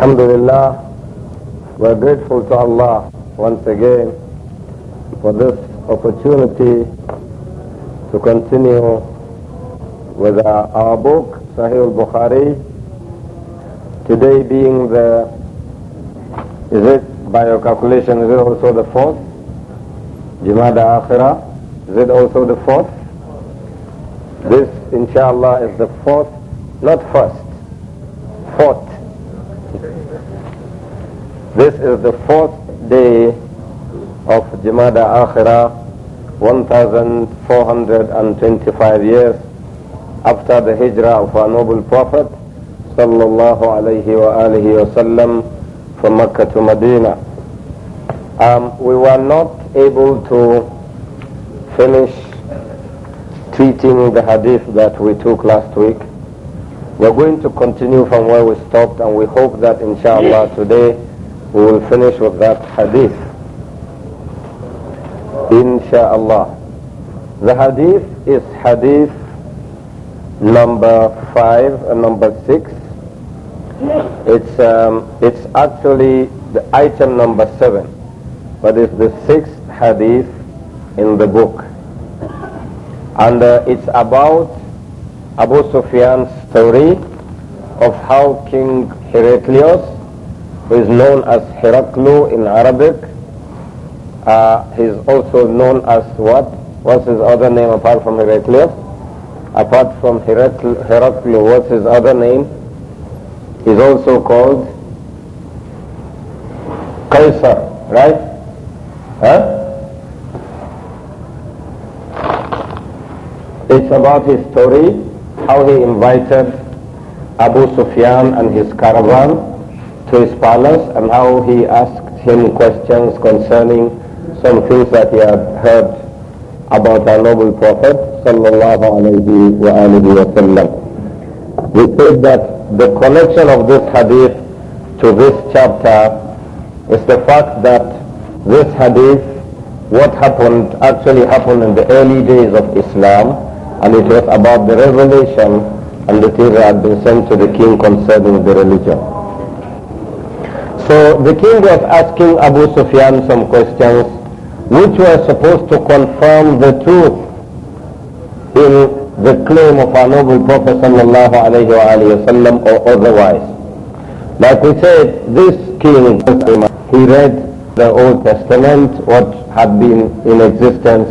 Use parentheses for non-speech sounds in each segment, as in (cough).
Alhamdulillah, we're grateful to Allah once again for this opportunity to continue with our, book, Sahih al-Bukhari, today being the, is it by your calculation, is it also the fourth? Jumada Akhirah, is it also the fourth? This, inshallah, is the fourth, not first. This is the fourth day of Jumada Akhirah, 1425 years after the hijrah of our noble Prophet sallallahu alayhi wa alihi wasallam from Mecca to Medina. Um, we were not able to finish treating the hadith that we took last week. We're going to continue from where we stopped and we hope that inshallah today we will finish with that hadith insha'Allah the hadith is hadith number 5 and number 6 it's um, it's actually the item number 7 but it's the sixth hadith in the book and uh, it's about Abu Sufyan's story of how King Heraclius who is known as Heraklu in Arabic. Uh, he's also known as what? What's his other name apart from Heraclius? Apart from Heraklu, what's his other name? He's also called Caesar, right? Huh? It's about his story, how he invited Abu Sufyan and his caravan to his palace, and how he asked him questions concerning some things that he had heard about our noble Prophet sallallahu alaihi wa alihi We said that the connection of this hadith to this chapter is the fact that this hadith, what happened actually happened in the early days of Islam and it was about the revelation and the things that had been sent to the king concerning the religion. So the king was asking Abu Sufyan some questions which were supposed to confirm the truth in the claim of our noble Prophet sallallahu alayhi wa or otherwise. Like we said, this king, he read the Old Testament, what had been in existence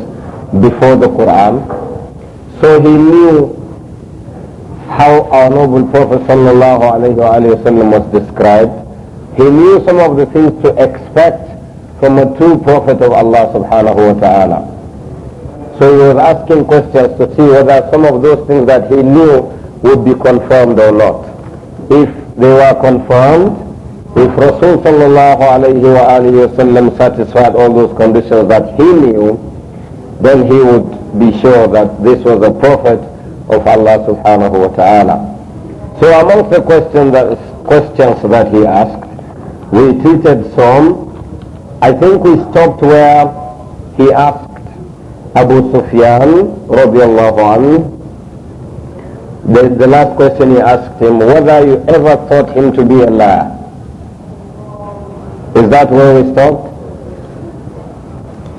before the Quran. So he knew how our noble Prophet sallallahu alayhi wa was described. He knew some of the things to expect from a true prophet of Allah subhanahu wa ta'ala. So he was asking questions to see whether some of those things that he knew would be confirmed or not. If they were confirmed, if Rasul sallallahu alayhi wa satisfied all those conditions that he knew, then he would be sure that this was a prophet of Allah subhanahu wa ta'ala. So amongst the questions that, questions that he asked, we treated some. I think we stopped where he asked Abu Sufyan radiallahu anhu, the, the last question he asked him, whether you ever thought him to be a liar. Is that where we stopped?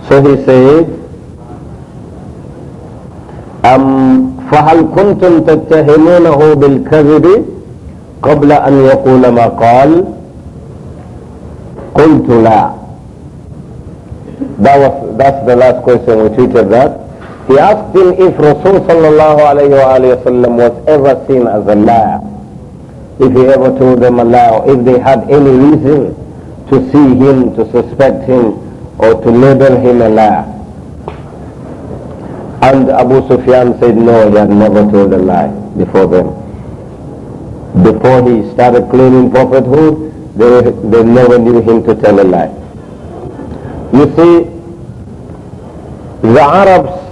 So he said, أم فهل كنتم تتهمونه بالكذب قبل أن يقول ما قال؟ قلت لا that was, that's the last question we treated that. He asked him if Rasul sallallahu alayhi wa sallam was ever seen as a liar. If he ever told them a lie or if they had any reason to see him, to suspect him or to label him a liar. And Abu Sufyan said no, he had never told a lie before them. Before he started claiming prophethood, they, they never knew him to tell a lie. You see, the Arabs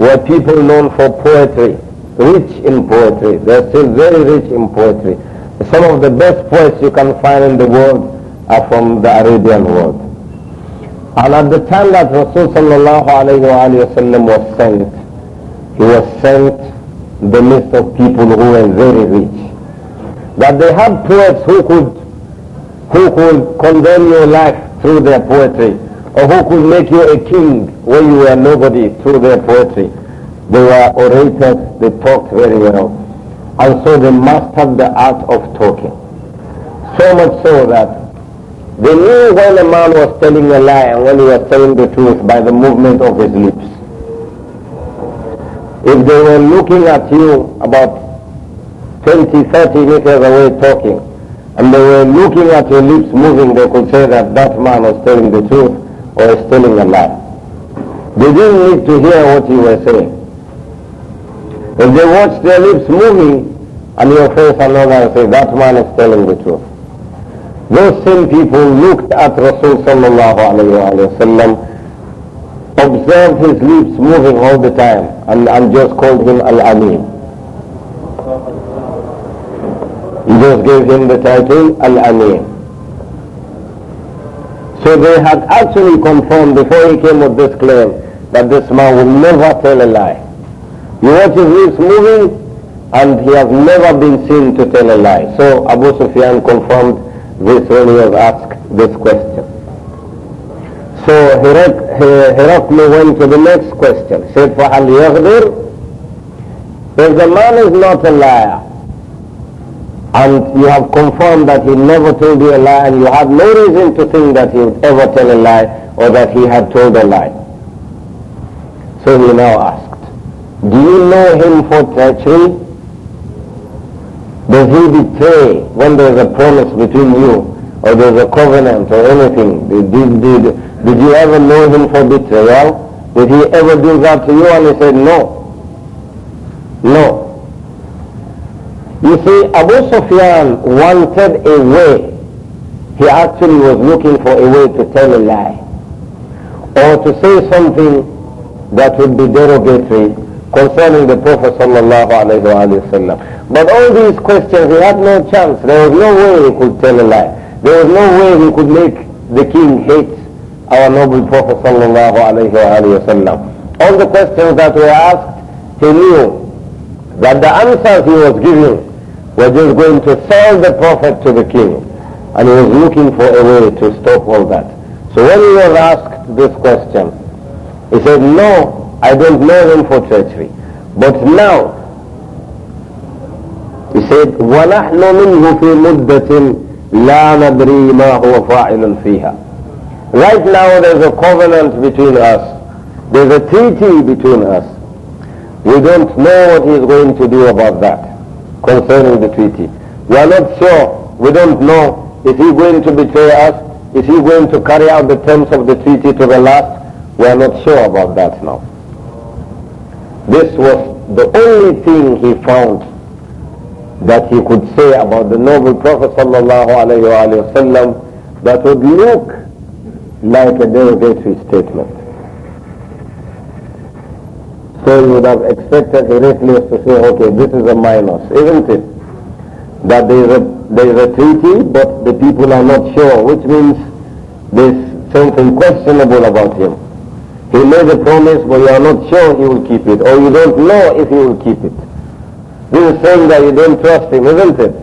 were people known for poetry, rich in poetry. They're still very rich in poetry. Some of the best poets you can find in the world are from the Arabian world. And at the time that Rasul was sent, he was sent the midst of people who were very rich. That they had poets who could who could condemn your life through their poetry, or who could make you a king when you were nobody through their poetry. They were orators, they talked very well. And so they mastered the art of talking. So much so that they knew when a man was telling a lie and when he was telling the truth by the movement of his lips. If they were looking at you about 20, 30 meters away talking, and they were looking at your lips moving, they could say that that man was telling the truth or is telling a lie. They didn't need to hear what you were saying. If they watched their lips moving and your face and all that, say that man is telling the truth. Those same people looked at Rasul sallallahu alayhi wa sallam, observed his lips moving all the time and, and just called him Al-Amin. He just gave him the title Al-Amir. So they had actually confirmed before he came with this claim that this man will never tell a lie. You watch his lips moving and he has never been seen to tell a lie. So Abu Sufyan confirmed this when he was asked this question. So Herakli went to the next question. Said, فَهَلْ يَغْدِرُ If the man is not a liar, and you have confirmed that he never told you a lie and you have no reason to think that he would ever tell a lie or that he had told a lie. So he now asked, do you know him for treachery? Does he betray when there is a promise between you or there is a covenant or anything? Did, did, did, did you ever know him for betrayal? Did he ever do that to you? And he said, no. No. You see, Abu Sufyan wanted a way. He actually was looking for a way to tell a lie or to say something that would be derogatory concerning the Prophet sallallahu alayhi wa But all these questions, he had no chance. There was no way he could tell a lie. There was no way he could make the king hate our noble Prophet sallallahu alayhi wa All the questions that were asked, he knew that the answers he was giving were just going to sell the Prophet to the king. And he was looking for a way to stop all that. So when he was asked this question, he said, no, I don't know them for treachery. But now, he said, وَنَحْنُ مِنْهُ فِي مُدَّةٍ لَا نَدْرِي مَا هُوَ فَاعِلٌ فِيهَا Right now there's a covenant between us. There's a treaty between us. We don't know what he is going to do about that concerning the treaty. We are not sure. We don't know. Is he going to betray us? Is he going to carry out the terms of the treaty to the last? We are not sure about that now. This was the only thing he found that he could say about the noble Prophet sallallahu that would look like a derogatory statement. So you would have expected Heraclius to say, okay, this is a minus, isn't it? That there is a, there is a treaty, but the people are not sure, which means there's something questionable about him. He made a promise, but you are not sure he will keep it, or you don't know if he will keep it. This is saying that you don't trust him, isn't it?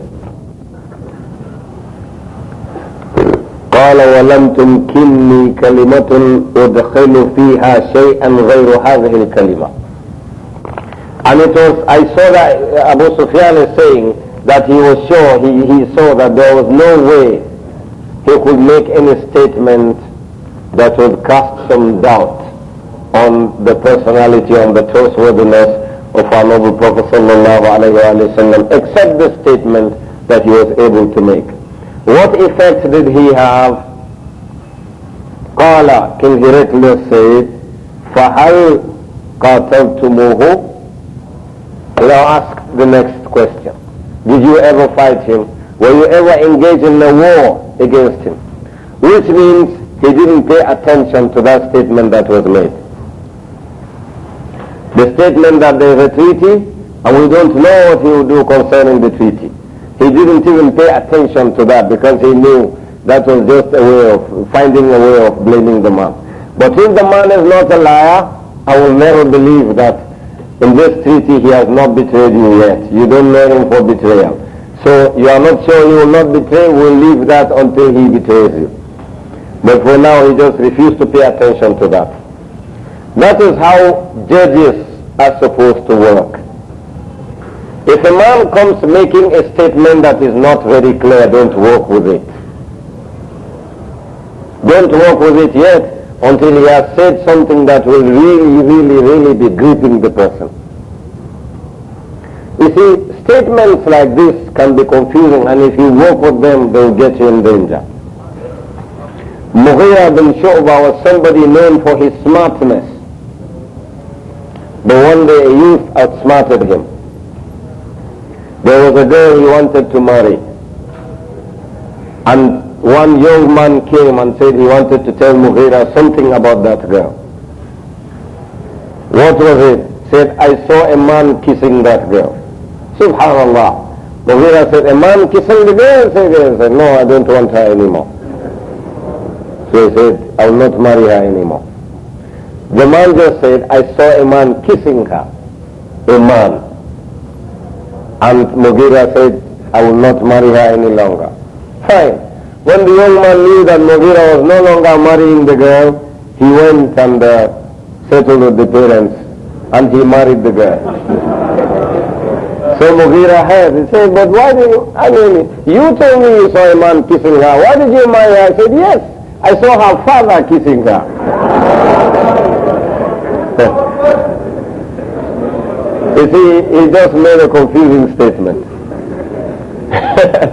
قال ولم تمكنني كلمة أدخل فيها شيئا غير هذه الكلمة and it was, I saw that uh, Abu Sufyan is saying that he was sure, he, he saw that there was no way he could make any statement that would cast some doubt on the personality, on the trustworthiness of our noble Prophet sallallahu alayhi wa sallam, except the statement that he was able to make. What effect did he have? قال King له said, فَهَلْ قَاتَلْتُمُوهُ now ask the next question. Did you ever fight him? Were you ever engaged in a war against him? Which means he didn't pay attention to that statement that was made. The statement that there is a treaty and we don't know what he will do concerning the treaty. He didn't even pay attention to that because he knew that was just a way of finding a way of blaming the man. But if the man is not a liar, I will never believe that in this treaty he has not betrayed you yet. You don't know him for betrayal. So you are not sure he will not betray, we'll leave that until he betrays you. But for now he just refused to pay attention to that. That is how judges are supposed to work. If a man comes making a statement that is not very clear, don't work with it. Don't work with it yet until he has said something that will really, really, really be gripping the person. You see, statements like this can be confusing and if you work with them, they'll get you in danger. Mughira bin Shu'bah was somebody known for his smartness. But one day a youth outsmarted him. There was a girl he wanted to marry. And one young man came and said he wanted to tell Mughira something about that girl. What was it? Said, I saw a man kissing that girl. Subhanallah. Mughira said, a man kissing the girl? Said, he said no, I don't want her anymore. So he said, I will not marry her anymore. The man just said, I saw a man kissing her. A man. And Mughira said, I will not marry her any longer. Fine. When the young man knew that Mughira was no longer marrying the girl, he went and uh, settled with the parents and he married the girl. (laughs) so Mughira heard, he said, but why did you, I mean, you told me you saw a man kissing her. Why did you marry her? I said, yes, I saw her father kissing her. (laughs) you see, he just made a confusing statement.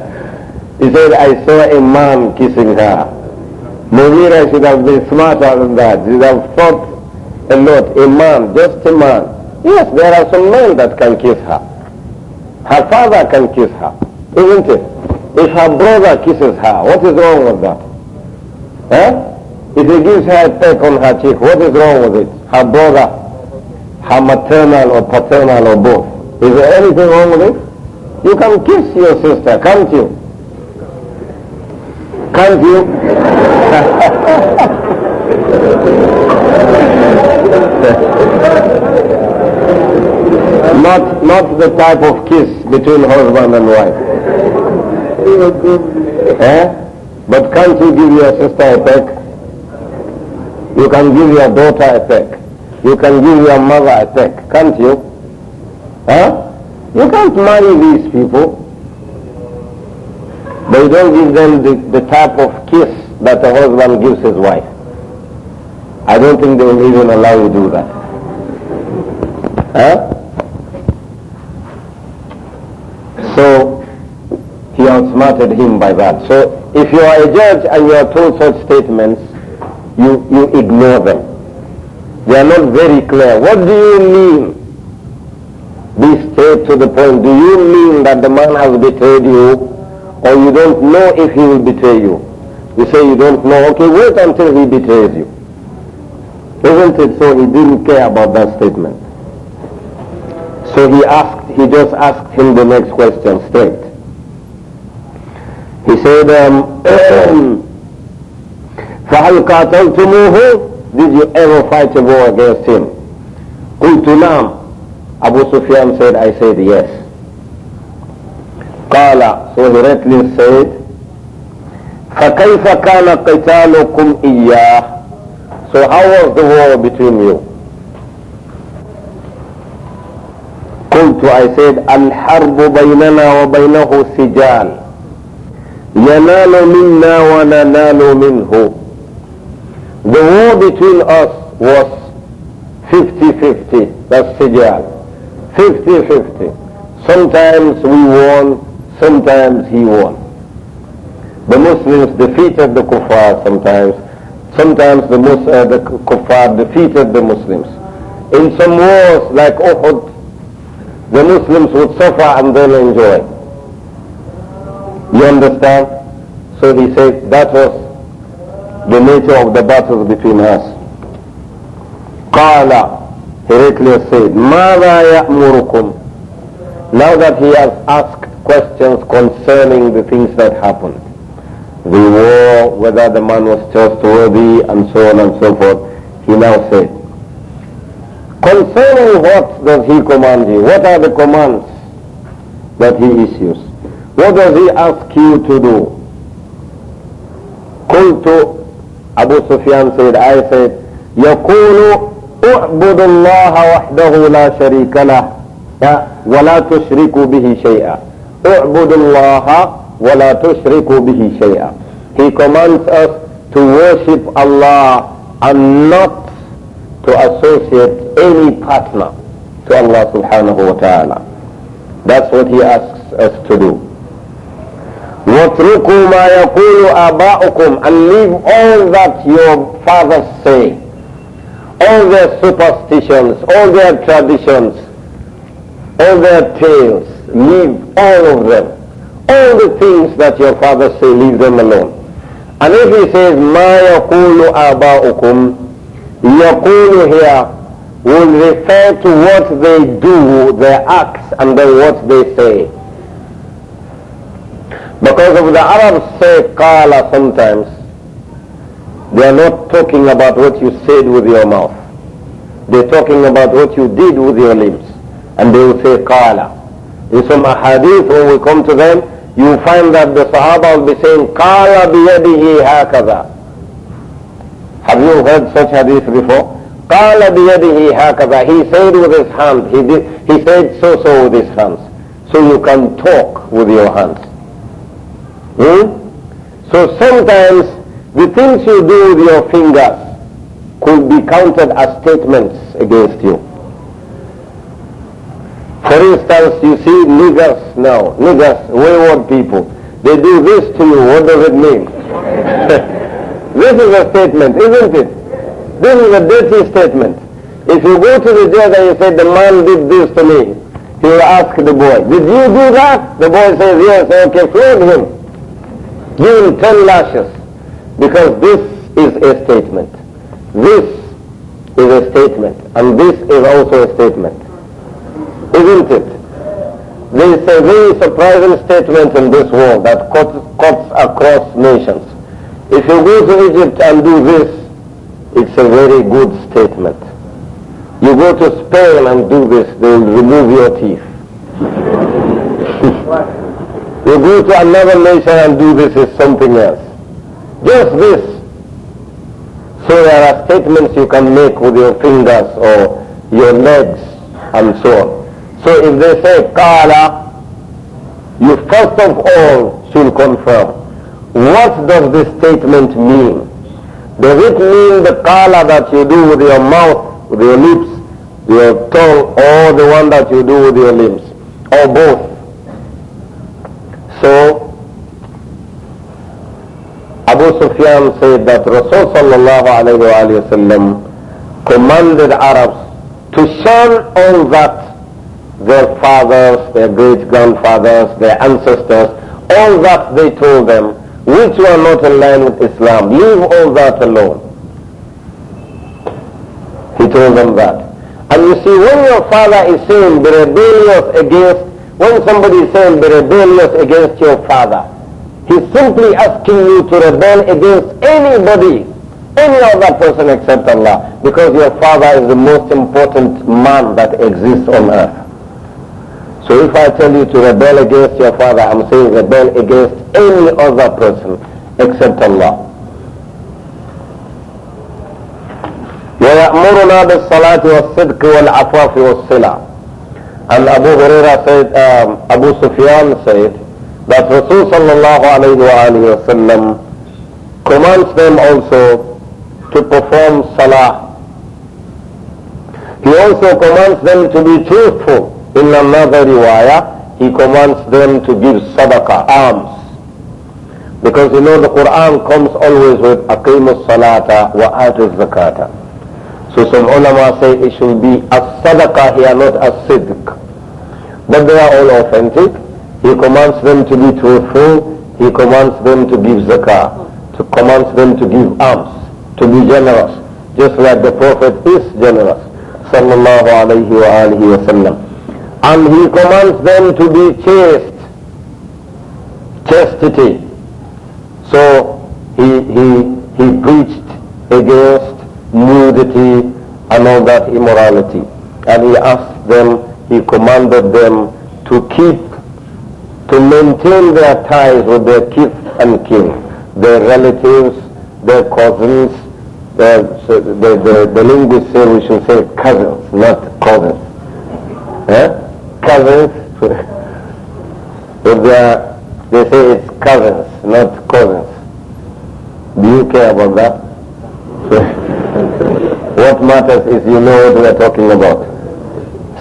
(laughs) He said, I saw a man kissing her. Mughira should have been smarter than that. He should have thought a lot. A man, just a man. Yes, there are some men that can kiss her. Her father can kiss her, isn't it? If her brother kisses her, what is wrong with that? Eh? If he gives her a peck on her cheek, what is wrong with it? Her brother, her maternal or paternal or both. Is there anything wrong with it? You can kiss your sister, can't you? Can't you? (laughs) not, not the type of kiss between husband and wife. eh? But can't you give your sister a peck? You can give your daughter a peck. You can give your mother a peck, can't you? Huh? You can't marry these people. They don't give them the, the type of kiss that a husband gives his wife. I don't think they will even allow you to do that. Huh? So he outsmarted him by that. So if you are a judge and you are told such statements, you, you ignore them. They are not very clear. What do you mean? Be straight to the point. Do you mean that the man has betrayed you or you don't know if he will betray you. You say you don't know, okay, wait until he betrays you. Isn't it so? He didn't care about that statement. So he asked, he just asked him the next question straight. He said, um, (clears throat) فَهَلْ قَاتَلْتُمُوهُ Did you ever fight a war against him? قُلْتُ نَعْمُ Abu Sufyan said, I said yes. قال وهرت للسيد فكيف كان قتالكم إياه So how was the war between you? قلت I said الحرب بيننا وبينه سجال ينال منا وننال منه The war between us was 50-50 That's سجال 50-50 Sometimes we won sometimes he won. The Muslims defeated the kuffar sometimes. Sometimes the, Mus- uh, the kuffar defeated the Muslims. In some wars like Uhud, the Muslims would suffer and they'll enjoy. You understand? So he said that was the nature of the battles between us. قال Heraclius said, ماذا Now that he has asked questions concerning the things that happened. The war, whether the man was trustworthy and so on and so forth. He now said, concerning what does he command you? What are the commands that he issues? What does he ask you to do? قلت Abu Sufyan said I said يقول اعبد الله وحده لا شريك له ولا تشركوا به شيئا اعبدوا الله ولا تشركوا به شيئا He commands us to worship Allah and not to associate any partner to Allah subhanahu wa ta'ala. That's what he asks us to do. وَاتْرُكُوا مَا يَقُولُ آبَاؤُكُمْ And leave all that your fathers say, all their superstitions, all their traditions, all their tales, leave all of them. All the things that your father say, leave them alone. And if he says, akulu يَقُولُ آبَاؤُكُمْ akulu here will refer to what they do, their acts, and then what they say. Because of the Arabs say qala sometimes, they are not talking about what you said with your mouth. They're talking about what you did with your lips. And they will say, "Kala." In some hadith when we come to them, you find that the Sahaba will be saying, "Kala biyadihi hakaza." Have you heard such hadith before? "Kala biyadihi hakaza." He said with his hand. He, did, he said so-so with his hands. So you can talk with your hands. Hmm? So sometimes the things you do with your fingers could be counted as statements against you. For instance, you see niggers now, niggers, wayward people. They do this to you, what does it mean? (laughs) this is a statement, isn't it? This is a dirty statement. If you go to the judge and you say, the man did this to me, he will ask the boy, did you do that? The boy says, yes, okay, flog him. Give him ten lashes. Because this is a statement. This is a statement. And this is also a statement isn't it? There is a very surprising statement in this war that cuts, cuts across nations. If you go to Egypt and do this, it's a very good statement. You go to Spain and do this, they'll remove your teeth. (laughs) you go to another nation and do this is something else. Just this. So there are statements you can make with your fingers or your legs and so on. So if they say kala, you first of all should confirm. What does this statement mean? Does it mean the kala that you do with your mouth, with your lips, your tongue, or the one that you do with your limbs, or both? So, Abu Sufyan said that Rasulullah sallallahu alayhi wa commanded Arabs to shun all that their fathers, their great-grandfathers, their ancestors, all that they told them, which were not in line with Islam. Leave all that alone. He told them that. And you see, when your father is saying be rebellious against, when somebody is saying be rebellious against your father, he's simply asking you to rebel against anybody, any other person except Allah, because your father is the most important man that exists on earth. So if I tell you to rebel against your father, I'm saying rebel against any other person except Allah. ويأمرنا بالصلاة والصدق والعفاف والصلة. And Abu Huraira said, um, Abu Sufyan said, that Rasul sallallahu alayhi wa sallam commands them also to perform salah. He also commands them to be truthful. In another riwayah, he commands them to give sadaqah, alms. Because you know the Quran comes always with aqimus salata wa atuz zakata. So some ulama say it should be a sadaqah here, not a sidq. But they are all authentic. He commands them to be truthful. He commands them to give zakah. To commands them to give alms. To be generous. Just like the Prophet is generous. Sallallahu alayhi wa alihi wa sallam and he commands them to be chaste, chastity. So he, he, he preached against nudity and all that immorality. And he asked them, he commanded them to keep, to maintain their ties with their kith and kin, their relatives, their cousins, their, the, the, the linguists say we should say cousins, not cousins. Eh? cousins. (laughs) if they, are, they say it's cousins, not cousins. Do you care about that? (laughs) what matters is you know what we are talking about.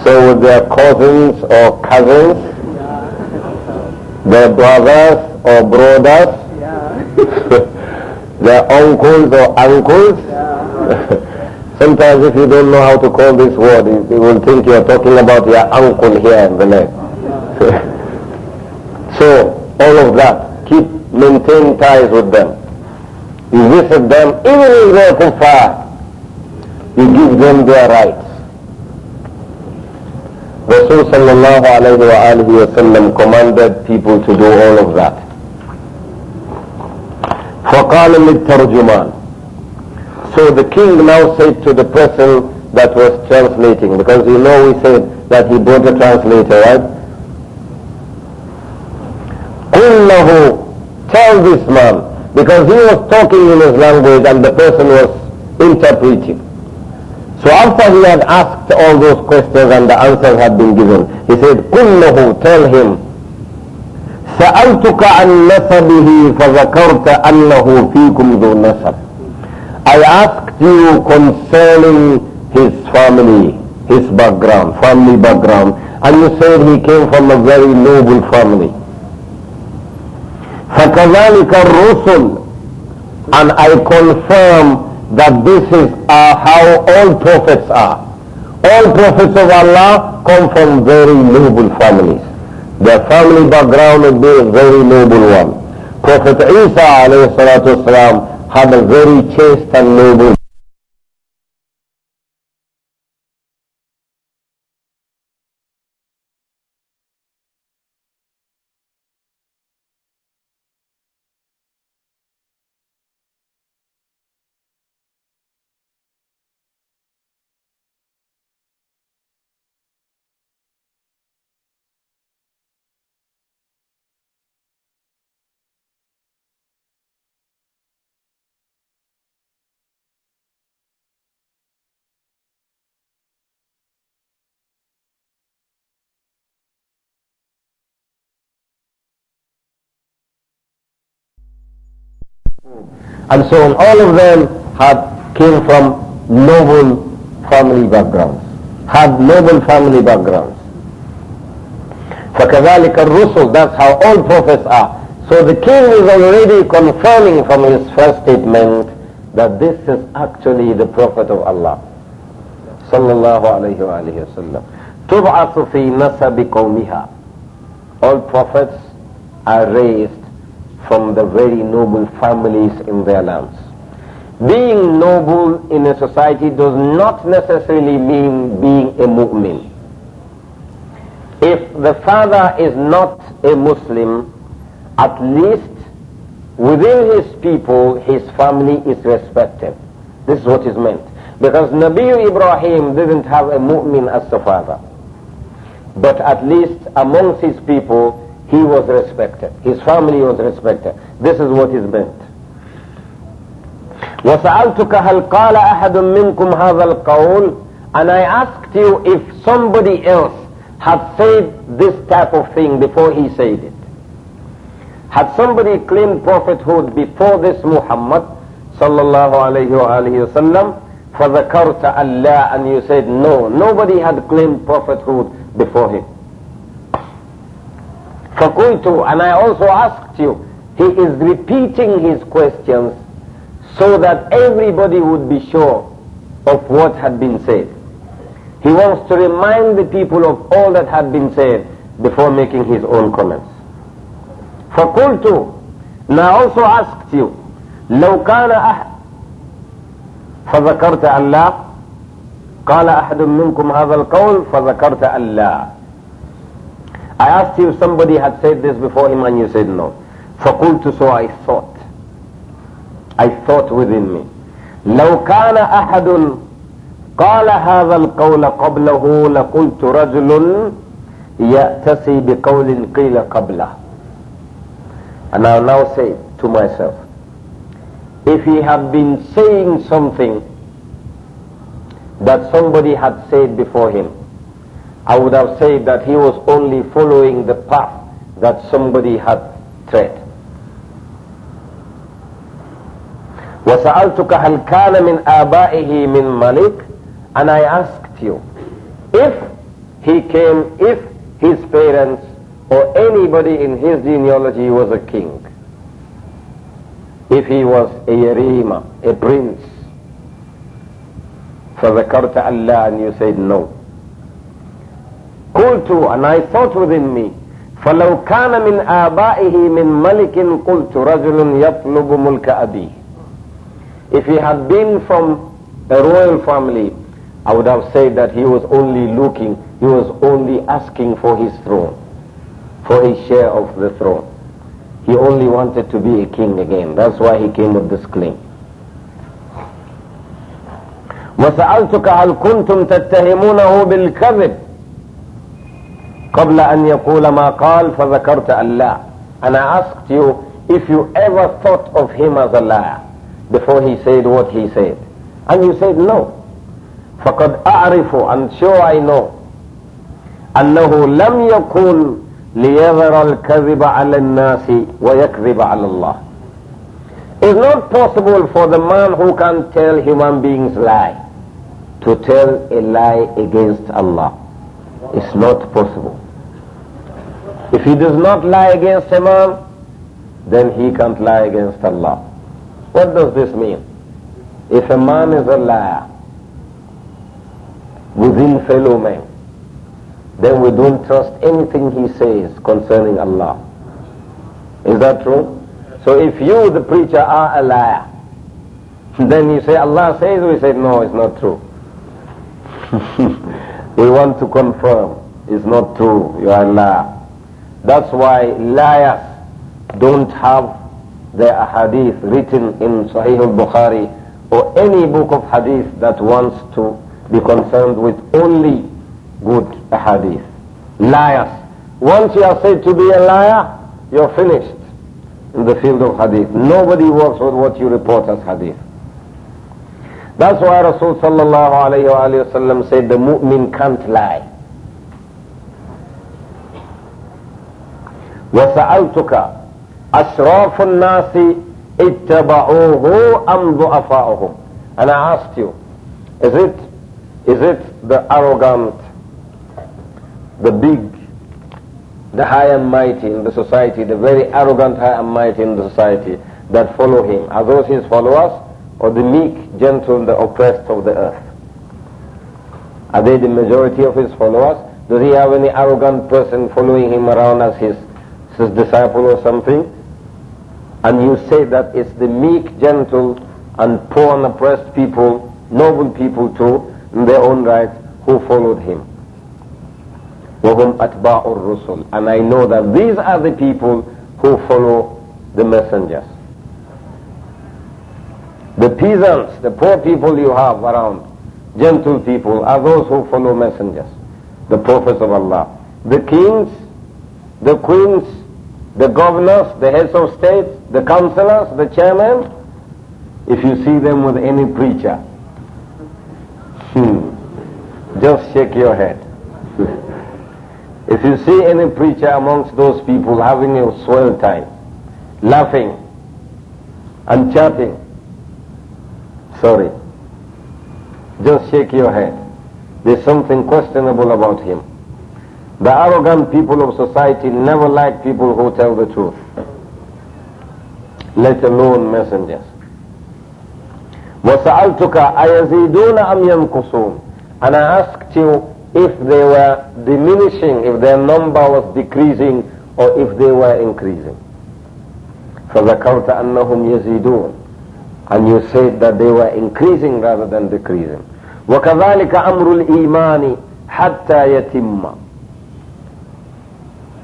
So are cousins or cousins, their brothers or brothers, (laughs) their uncles or uncles, Sometimes if you don't know how to call this word, you will think you are talking about your uncle here in the left. so, all of that, keep, maintain ties with them. You visit them, even if they are too far. You give them their rights. Rasul sallallahu alayhi wa alihi wa sallam commanded people to do all of that. فقال للترجمان so the king now said to the person that was translating, because you know we said that he brought a translator, right? Kullahu, tell this man, because he was talking in his language and the person was interpreting. So after he had asked all those questions and the answers had been given, he said, Kullahu, tell him, سألتك عن نسبه فذكرت أنه فيكم ذو نسب I asked you concerning his family, his background, family background, and you said he came from a very noble family. فَكَذَلِكَ الرُّسُلُ And I confirm that this is uh, how all prophets are. All prophets of Allah come from very noble families. Their family background would be a very noble one. Prophet Isa alayhi salatu wasalam, have a very chaste and noble And so on. All of them had came from noble family backgrounds, had noble family backgrounds. فَكَذَلِكَ الرُّسُلُ That's how all prophets are. So the king is already confirming from his first statement that this is actually the prophet of Allah. صلى الله عليه وآله وسلم تبعث في نسب قومها All prophets are raised from the very noble families in their lands. Being noble in a society does not necessarily mean being a mu'min. If the father is not a Muslim, at least within his people, his family is respected. This is what is meant. Because Nabi Ibrahim didn't have a mu'min as a father. But at least amongst his people, he was respected. His family was respected. This is what is meant. وَسَأَلْتُكَ هَلْ قَالَ أَحَدٌ مِّنْكُمْ هَذَا الْقَوْلِ And I asked you if somebody else had said this type of thing before he said it. Had somebody claimed prophethood before this Muhammad sallallahu alayhi wa the wasallam, فَذَكَرْتَ أَلَّا And you said no. Nobody had claimed prophethood before him. فَقُلْتُ And I also asked you. He is repeating his questions so that everybody would be sure of what had been said. He wants to remind the people of all that had been said before making his own comments. فَقُلْتُ And I also asked you, لو كان أحد فذكرت أن قال أحد منكم هذا القول فذكرت أن I asked you, somebody had said this before him and you said no. فقلت so I thought. I thought within me. لو كان أحد قال هذا القول قبله لقلت رجل يأتسي بقول قيل قبله. And I now say to myself, if he had been saying something that somebody had said before him, I would have said that he was only following the path that somebody had tread. وسألتك هل كان من آبائه من ملك and I asked you if he came if his parents or anybody in his genealogy was a king if he was a yarima a prince فذكرت أن and you said no قلت and I thought within me فلو كان من آبائه من ملك قلت رجل يطلب ملك If he had been from a royal family I would have said that he was only looking he was only asking for his throne for his share of the throne he only wanted to be a king again that's why he came with this claim وسألتك هل كنتم تتهمونه بالكذب قبل أن يقول ما قال فذكرت Allah and I asked you if you ever thought of him as a liar before he said what he said and you said no فقد أعرف I'm sure I know أنه لم يقول ليظهر الكذب على الناس ويكذب على الله It's not possible for the man who can tell human beings lie to tell a lie against Allah. It's not possible. If he does not lie against Imam, then he can't lie against Allah. What does this mean? If a man is a liar within fellow men, then we don't trust anything he says concerning Allah. Is that true? So if you, the preacher, are a liar, then you say, Allah says, we say, no, it's not true. (laughs) we want to confirm, it's not true, you are a liar. That's why liars don't have their hadith written in Sahih al-Bukhari or any book of hadith that wants to be concerned with only good hadith. Liars. Once you are said to be a liar, you're finished in the field of hadith. Nobody works with what you report as hadith. That's why Rasulullah sallallahu alayhi wa said the mu'min can't lie. وسألتك أشراف الناس اتبعوه أم ضعفاؤهم And I asked you, is it, is it the arrogant, the big, the high and mighty in the society, the very arrogant high and mighty in the society that follow him? Are those his followers or the meek, gentle, the oppressed of the earth? Are they the majority of his followers? Does he have any arrogant person following him around as his his disciple or something, and you say that it's the meek, gentle, and poor and oppressed people, noble people too, in their own right, who followed him. وَهُمْ أَتْبَاعُ الرُّسُلِ And I know that these are the people who follow the messengers. The peasants, the poor people you have around, gentle people, are those who follow messengers, the prophets of Allah. The kings, the queens, the governors, the heads of states, the councillors, the chairmen, if you see them with any preacher, hmm, just shake your head. (laughs) if you see any preacher amongst those people having a swell time, laughing and chatting, sorry, just shake your head. There's something questionable about him. The arrogant people of society never like people who tell the truth, let alone messengers. وَسَأَلْتُكَ أَيَزِيدُونَ أَمْ يَنْقُصُونَ And I asked you if they were diminishing, if their number was decreasing, or if they were increasing. فَذَكَرْتَ أَنَّهُمْ يَزِيدُونَ And you said that they were increasing rather than decreasing. وَكَذَلِكَ أَمْرُ الْإِيمَانِ حَتَّى يَتِمَّ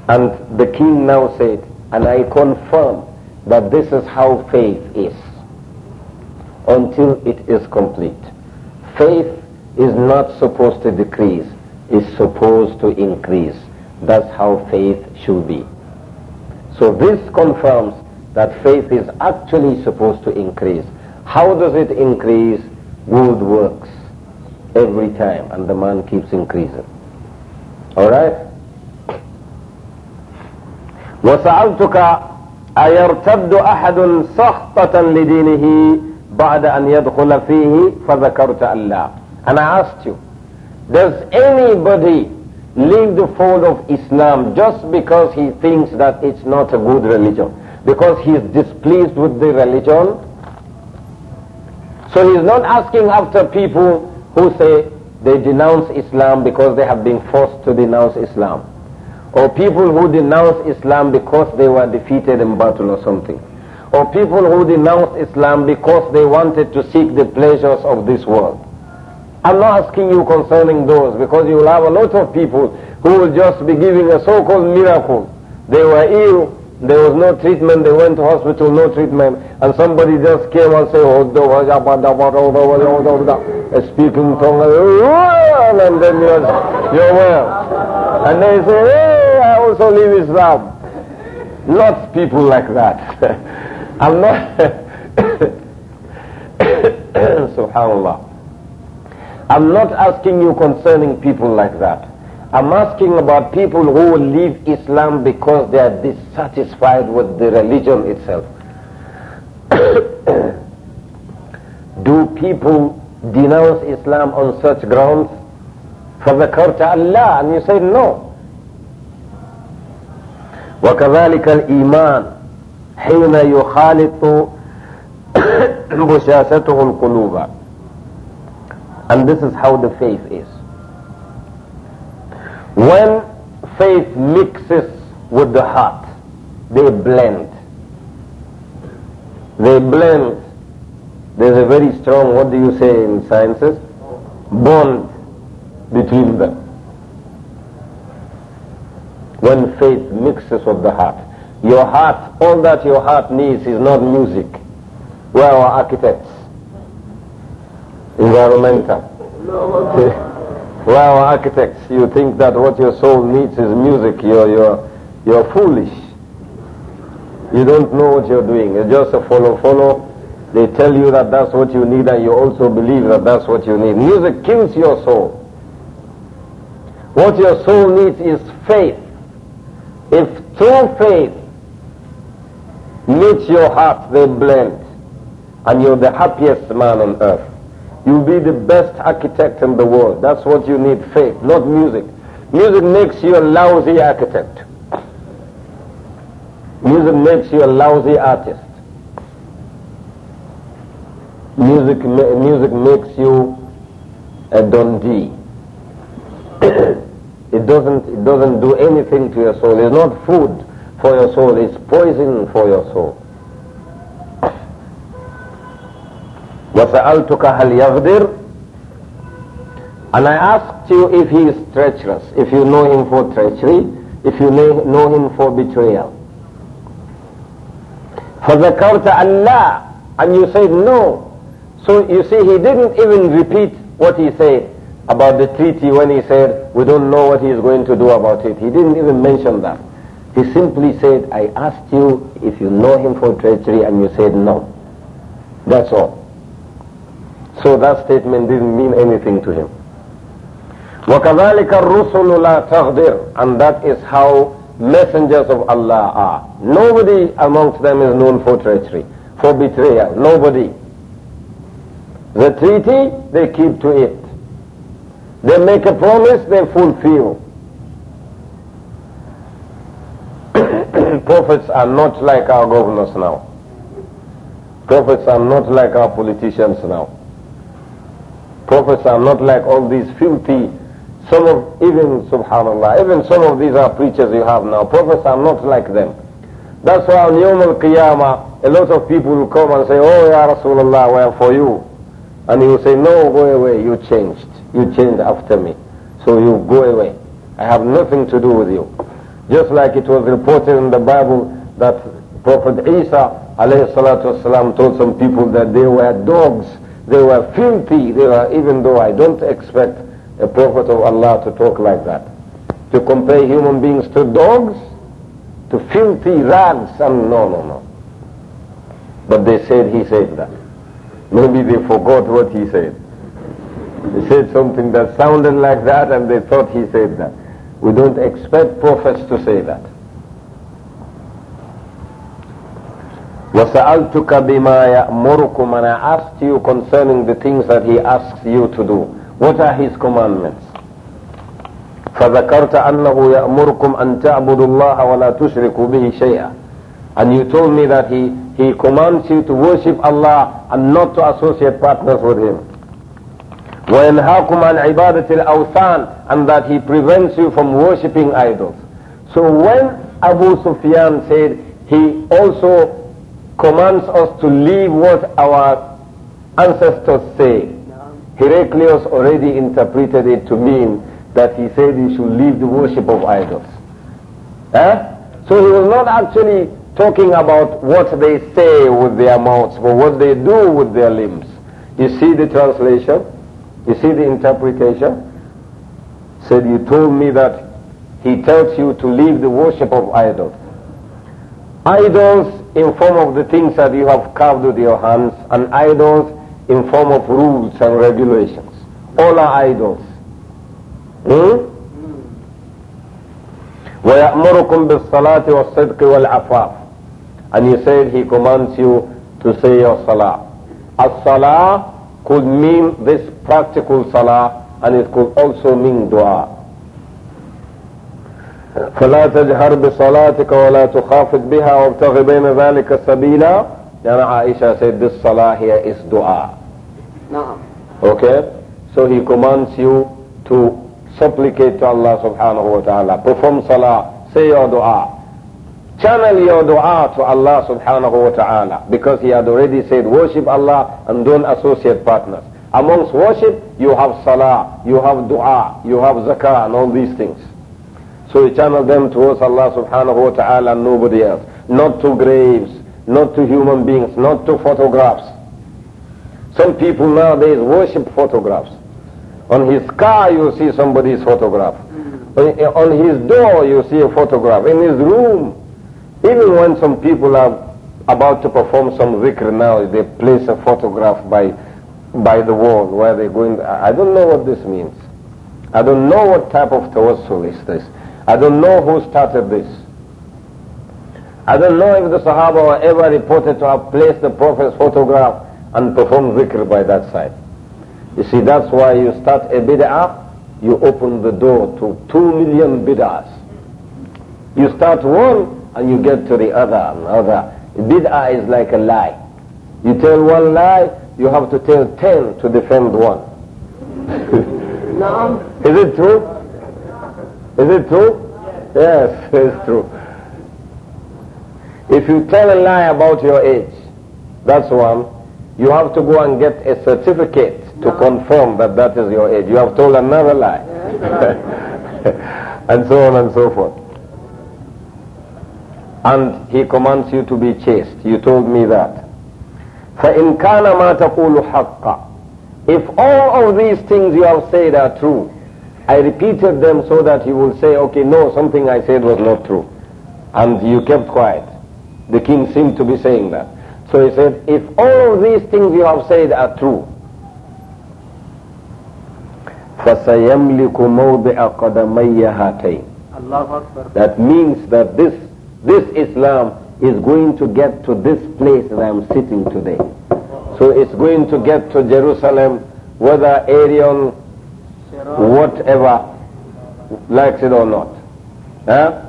and the king now said, and I confirm that this is how faith is until it is complete. Faith is not supposed to decrease, it's supposed to increase. That's how faith should be. So this confirms that faith is actually supposed to increase. How does it increase? Good works every time and the man keeps increasing. Alright? وسألتك أيرتد أحد سخطة لدينه بعد أن يدخل فيه فذكرت الله And I asked you, does anybody leave the fold of Islam just because he thinks that it's not a good religion? Because he is displeased with the religion? So he's not asking after people who say they denounce Islam because they have been forced to denounce Islam. Or people who denounced Islam because they were defeated in battle or something. Or people who denounced Islam because they wanted to seek the pleasures of this world. I'm not asking you concerning those because you will have a lot of people who will just be giving a so-called miracle. They were ill, there was no treatment, they went to hospital, no treatment, and somebody just came and said, oh, a speaking tongue, and then you're, you're well. And they say, hey, I also leave Islam. Lots people like that. I'm (laughs) not, (coughs) (coughs) subhanAllah. I'm not asking you concerning people like that. I'm asking about people who leave Islam because they are dissatisfied with the religion itself. (coughs) Do people denounce Islam on such grounds for the court Allah? And you say no. وكذلك الإيمان حين يخالط بشاشته (coughs) القلوب and this is how the faith is when faith mixes with the heart, they blend. They blend. There's a very strong, what do you say in sciences? Bond between them. When faith mixes with the heart. Your heart, all that your heart needs is not music. We are architects, environmental. No, okay. Well, architects, you think that what your soul needs is music. You're, you're, you're foolish. You don't know what you're doing. You're just a follow, follow. They tell you that that's what you need and you also believe that that's what you need. Music kills your soul. What your soul needs is faith. If true faith meets your heart, they blend and you're the happiest man on earth. You'll be the best architect in the world. That's what you need, faith, not music. Music makes you a lousy architect. Music makes you a lousy artist. Music, music makes you a dundee. (coughs) it doesn't, it doesn't do anything to your soul. It's not food for your soul. It's poison for your soul. وَسَأَلْتُكَ هَلْ يَغْدِرُ And I asked you if he is treacherous, if you know him for treachery, if you know him for betrayal. فَذَكَرْتَ Allah, And you said no. So you see, he didn't even repeat what he said about the treaty when he said, we don't know what he is going to do about it. He didn't even mention that. He simply said, I asked you if you know him for treachery and you said no. That's all. So that statement didn't mean anything to him. وَكَذَلِكَ الرُّسُلُ لَا تَغْدِرُ And that is how messengers of Allah are. Nobody amongst them is known for treachery, for betrayal. Nobody. The treaty, they keep to it. They make a promise, they fulfill. (coughs) Prophets are not like our governors now. Prophets are not like our politicians now prophets are not like all these filthy, some of, even subhanallah, even some of these are preachers you have now. Prophets are not like them. That's why on Yom al-Qiyamah, a lot of people will come and say, oh Ya Rasulullah, we are for you. And he will say, no, go away, you changed. You changed after me. So you go away. I have nothing to do with you. Just like it was reported in the Bible that Prophet Isa alayhi told some people that they were dogs they were filthy, they were, even though I don't expect a prophet of Allah to talk like that. To compare human beings to dogs, to filthy rats. and no, no, no. But they said he said that. Maybe they forgot what he said. He said something that sounded like that and they thought he said that. We don't expect prophets to say that. وَسَأَلْتُكَ بِمَا يَأْمُرُكُمْ And I asked you concerning the things that he asks you to do. What are his commandments? فَذَكَرْتَ أَنَّهُ يَأْمُرُكُمْ أَن تَعْبُدُوا اللَّهَ وَلَا تُشْرِكُوا بِهِ شَيْئًا And you told me that he, he commands you to worship Allah and not to associate partners with him. وَيَنْهَاكُمْ عَنْ عِبَادَةِ الْأَوْثَانِ And that he prevents you from worshipping idols. So when Abu Sufyan said he also commands us to leave what our ancestors say. Heraclius already interpreted it to mean that he said you should leave the worship of idols. Eh? So he was not actually talking about what they say with their mouths, but what they do with their limbs. You see the translation? You see the interpretation? Said, you told me that he tells you to leave the worship of idols. Idols in form of the things that you have carved with your hands, and idols in form of rules and regulations. All are idols. Hmm? وَيَأْمُرُكُمْ بِالصَّلَاةِ وَالصِّدْقِ وَالْعَفَافِ And he said he commands you to say your salah. As-salah could mean this practical salah and it could also mean dua. فلا تجهر بصلاتك ولا تخافت بها وابتغ بين ذلك سبيلا يعني عائشة said this salah here is dua نعم okay so he commands you to supplicate to Allah subhanahu wa perform salah say your dua channel your dua to Allah subhanahu wa because he had already said worship Allah and don't associate partners amongst worship you have salah you have dua you have zakah and all these things So he channeled them towards Allah subhanahu wa ta'ala and nobody else. Not to graves, not to human beings, not to photographs. Some people nowadays worship photographs. On his car you see somebody's photograph. On his door you see a photograph. In his room. Even when some people are about to perform some zikr now, they place a photograph by, by the wall where they're going. I don't know what this means. I don't know what type of tawassul is this. I don't know who started this. I don't know if the Sahaba were ever reported to have placed the Prophet's photograph and performed zikr by that side. You see, that's why you start a bid'ah, you open the door to two million bid'ahs. You start one and you get to the other and other. Bid'ah is like a lie. You tell one lie, you have to tell ten to defend one. (laughs) no. Is it true? Is it true? Yes, (laughs) it's true. If you tell a lie about your age, that's one. You have to go and get a certificate to confirm that that is your age. You have told another lie. (laughs) and so on and so forth. And he commands you to be chaste. You told me that. فَإِنْ كَانَ مَا تَقُولُ حَقًّا If all of these things you have said are true, I repeated them so that he would say, okay, no, something I said was not true. And you kept quiet. The king seemed to be saying that. So he said, if all of these things you have said are true, فَسَيَمْلِكُ مَوْضِعَ قَدَمَيَّ هَاتَيْنِ That means that this, this Islam is going to get to this place that I'm sitting today. So it's going to get to Jerusalem, whether Arian whatever likes it or not. Eh?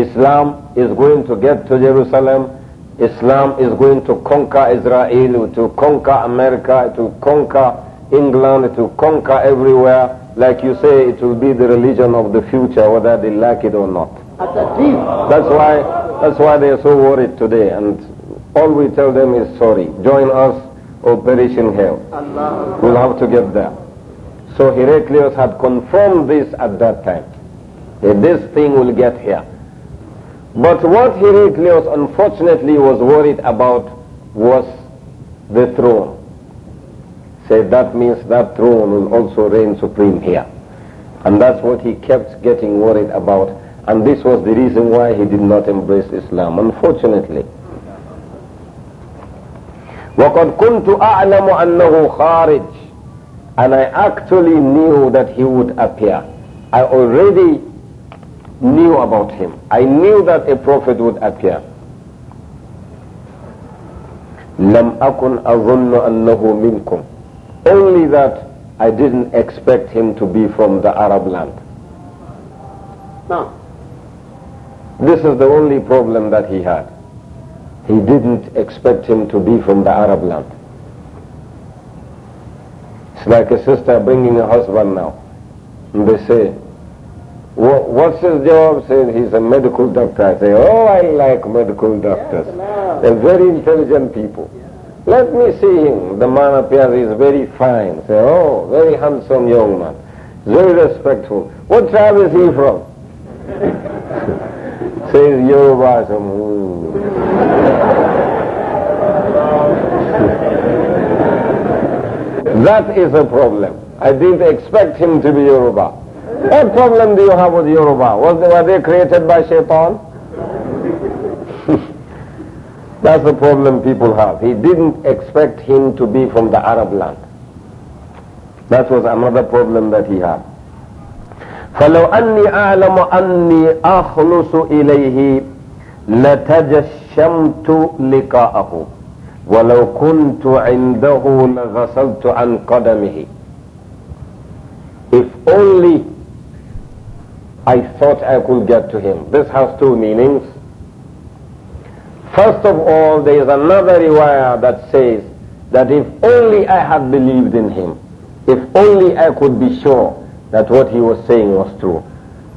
Islam is going to get to Jerusalem. Islam is going to conquer Israel, to conquer America, to conquer England, to conquer everywhere. Like you say, it will be the religion of the future, whether they like it or not. That's why, that's why they are so worried today. And all we tell them is sorry. Join us or perish in hell. We'll have to get there. So Heraclius had confirmed this at that time. That this thing will get here. But what Heraclius unfortunately was worried about was the throne. Said that means that throne will also reign supreme here. And that's what he kept getting worried about. And this was the reason why he did not embrace Islam, unfortunately. وقد كنت أعلم أنه خارج and I actually knew that he would appear. I already knew about him. I knew that a prophet would appear. لم أكن أظن أنه منكم only that I didn't expect him to be from the Arab land no this is the only problem that he had he didn't expect him to be from the Arab land like a sister bringing a husband now. And they say, what's his job? Say, he's a medical doctor. I say, oh, I like medical doctors. They're very intelligent people. Let me see him. The man appears, he's very fine. Say, oh, very handsome young man. Very respectful. What tribe is he from? (laughs) Says Yoruba. (laughs) (laughs) That is a problem. I didn't expect him to be Yoruba. What problem do you have with Yoruba? Was they, were they created by shaitan? (laughs) That's the problem people have. He didn't expect him to be from the Arab land. That was another problem that he had. فلو أني أعلم أني أخلص إليه لتجشمت لقاءه ولو كنت عنده لغسلت عن قدمه if only I thought I could get to him this has two meanings first of all there is another riwayah that says that if only I had believed in him if only I could be sure that what he was saying was true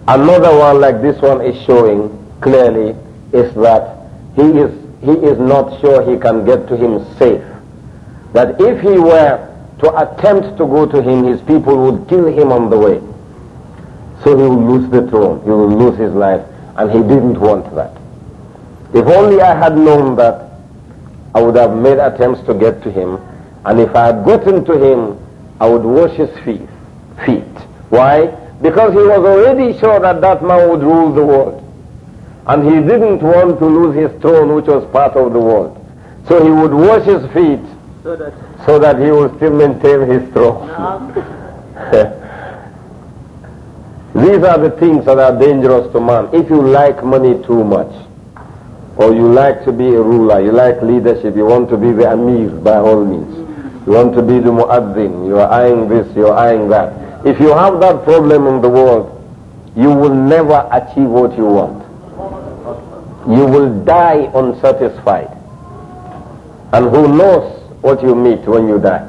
another one like this one is showing clearly is that he is he is not sure he can get to him safe. That if he were to attempt to go to him, his people would kill him on the way. So he will lose the throne, he will lose his life, and he didn't want that. If only I had known that, I would have made attempts to get to him, and if I had gotten to him, I would wash his feet. Why? Because he was already sure that that man would rule the world. And he didn't want to lose his throne, which was part of the world. So he would wash his feet so that, so that he would still maintain his throne. (laughs) These are the things that are dangerous to man. If you like money too much, or you like to be a ruler, you like leadership, you want to be the Amir by all means. You want to be the Muaddin, you are eyeing this, you are eyeing that. If you have that problem in the world, you will never achieve what you want you will die unsatisfied. And who knows what you meet when you die?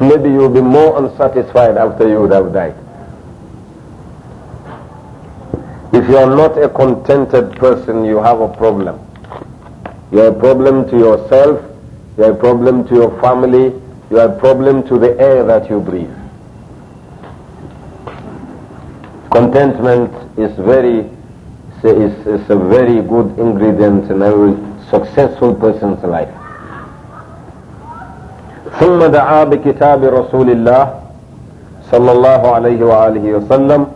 Maybe you'll be more unsatisfied after you would have died. If you are not a contented person, you have a problem. You're a problem to yourself, you're a problem to your family, you're a problem to the air that you breathe. Contentment is very is, is a very good ingredient in every successful person's life. ثم دعا بكتاب رسول الله صلى الله عليه وآله وسلم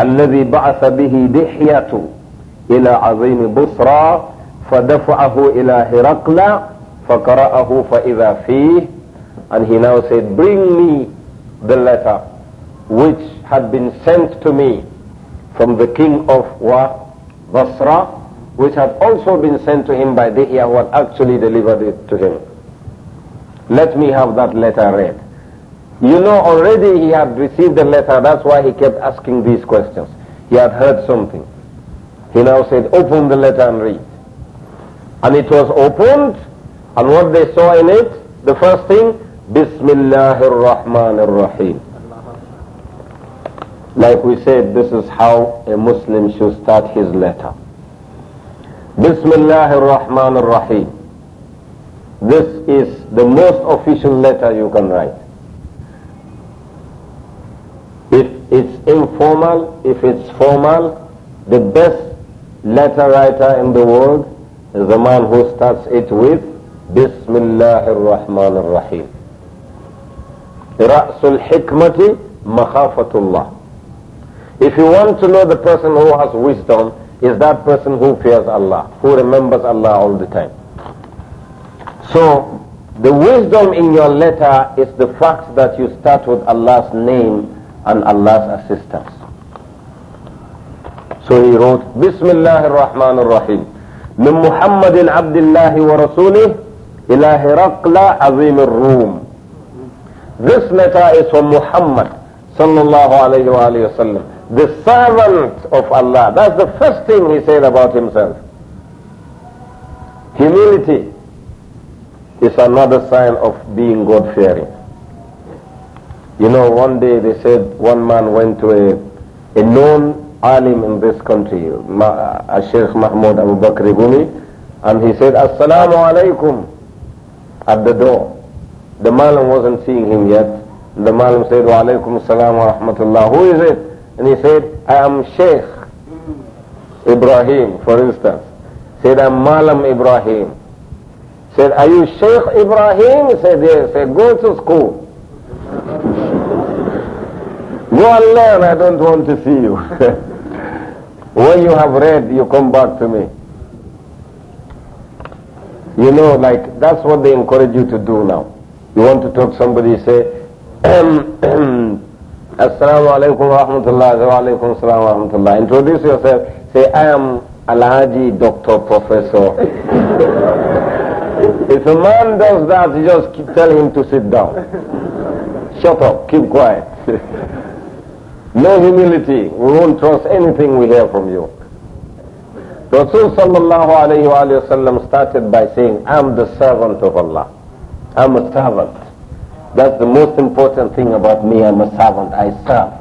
الذي بعث به دحية إلى عظيم بصرى فدفعه إلى هرقل فقرأه فإذا فيه and he now said bring me the letter which had been sent to me from the king of what Basra, which had also been sent to him by Dihya, who had actually delivered it to him. Let me have that letter read. You know, already he had received the letter, that's why he kept asking these questions. He had heard something. He now said, open the letter and read. And it was opened, and what they saw in it, the first thing, Bismillahir Rahmanir Rahim. Like we said, this is how a Muslim should start his letter. Bismillah ar-Rahman ar-Rahim. This is the most official letter you can write. If it's informal, if it's formal, the best letter writer in the world is the man who starts it with Bismillah ar-Rahman ar-Rahim. رأس الحكمة مخافة الله if you want to know the person who has wisdom, is that person who fears Allah, who remembers Allah all the time. So, the wisdom in your letter is the fact that you start with Allah's name and Allah's assistance. So he wrote, Bismillah ar-Rahman ar-Rahim. من محمد عبد الله ورسوله إلى هرقل عظيم الروم. This letter is from Muhammad sallallahu alayhi wa sallam the servant of Allah. That's the first thing he said about himself. Humility is another sign of being God-fearing. You know, one day they said one man went to a, a known alim in this country, Ma, Sheikh Mahmoud Abu Bakr Bumi, and he said, Assalamu alaikum, at the door. The malam wasn't seeing him yet. The malam said, Wa alaikum assalam wa rahmatullah. Who is it? and he said, I am Sheikh Ibrahim, for instance. Said, I'm Malam Ibrahim. Said, are you Sheikh Ibrahim? Said, yes. Said, go to school. (laughs) go and learn, I don't want to see you. (laughs) when you have read, you come back to me. You know, like, that's what they encourage you to do now. You want to talk to somebody, say, (clears throat) Assalamu alaikum wa rahmatullahi wa alaikum salam wa rahmatullah. Introduce yourself. Say, I am Alhaji Doctor Professor. (laughs) if a man does that, you just keep, tell him to sit down. Shut up, keep quiet. (laughs) no humility. We won't trust anything we hear from you. Rasul sallallahu alayhi wa, alayhi wa sallam started by saying, I'm the servant of Allah. I'm a servant. That's the most important thing about me. I'm a servant. I serve.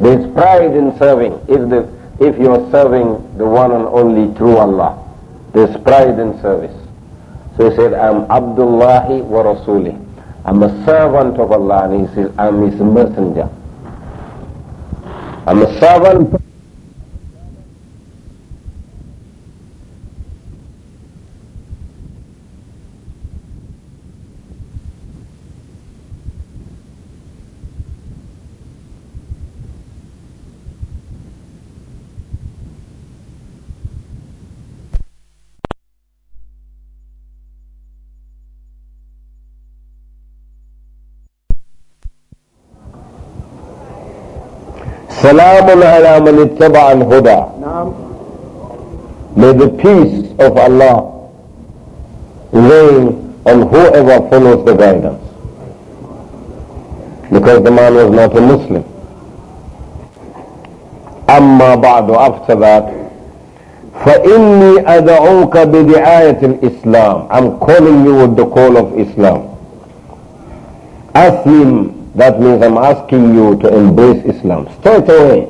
There's pride in serving. If, the, if you're serving the one and only true Allah, there's pride in service. So he said, I'm Abdullahi wa Rasuli. I'm a servant of Allah and he says, I'm his messenger. I'm a servant Salamun ala man ittaba'al huda. May the peace of Allah reign on whoever follows the guidance. Because the man was not a Muslim. أما بعد after that فإني أدعوك بدعاية الإسلام I'm calling you with the call of Islam أسلم That means I'm asking you to embrace Islam straight away.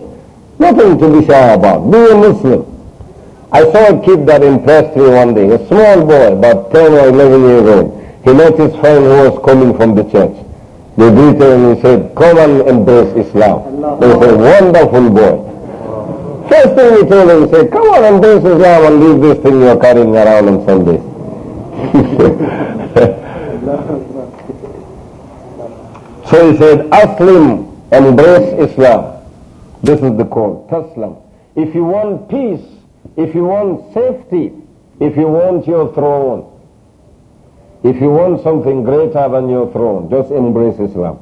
Nothing to be shy about. Be a Muslim. I saw a kid that impressed me one day, a small boy, about 10 or 11 years old. He met his friend who was coming from the church. They greeted him and he said, come and embrace Islam. He was a wonderful boy. First thing he told him, he said, come on, embrace Islam and leave this thing you're carrying around on Sundays. (laughs) So he said, Aslim, embrace Islam. This is the call, Taslam. If you want peace, if you want safety, if you want your throne, if you want something greater than your throne, just embrace Islam.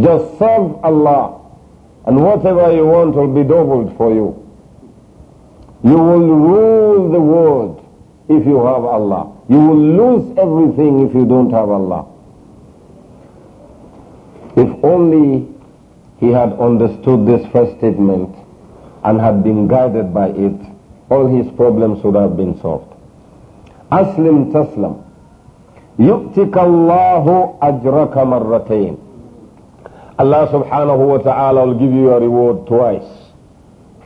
Just serve Allah, and whatever you want will be doubled for you. You will rule the world if you have Allah. You will lose everything if you don't have Allah. If only he had understood this first statement and had been guided by it, all his problems would have been solved. Aslim taslam. يؤتك الله أجرك مرتين Allah subhanahu wa ta'ala will give you a reward twice.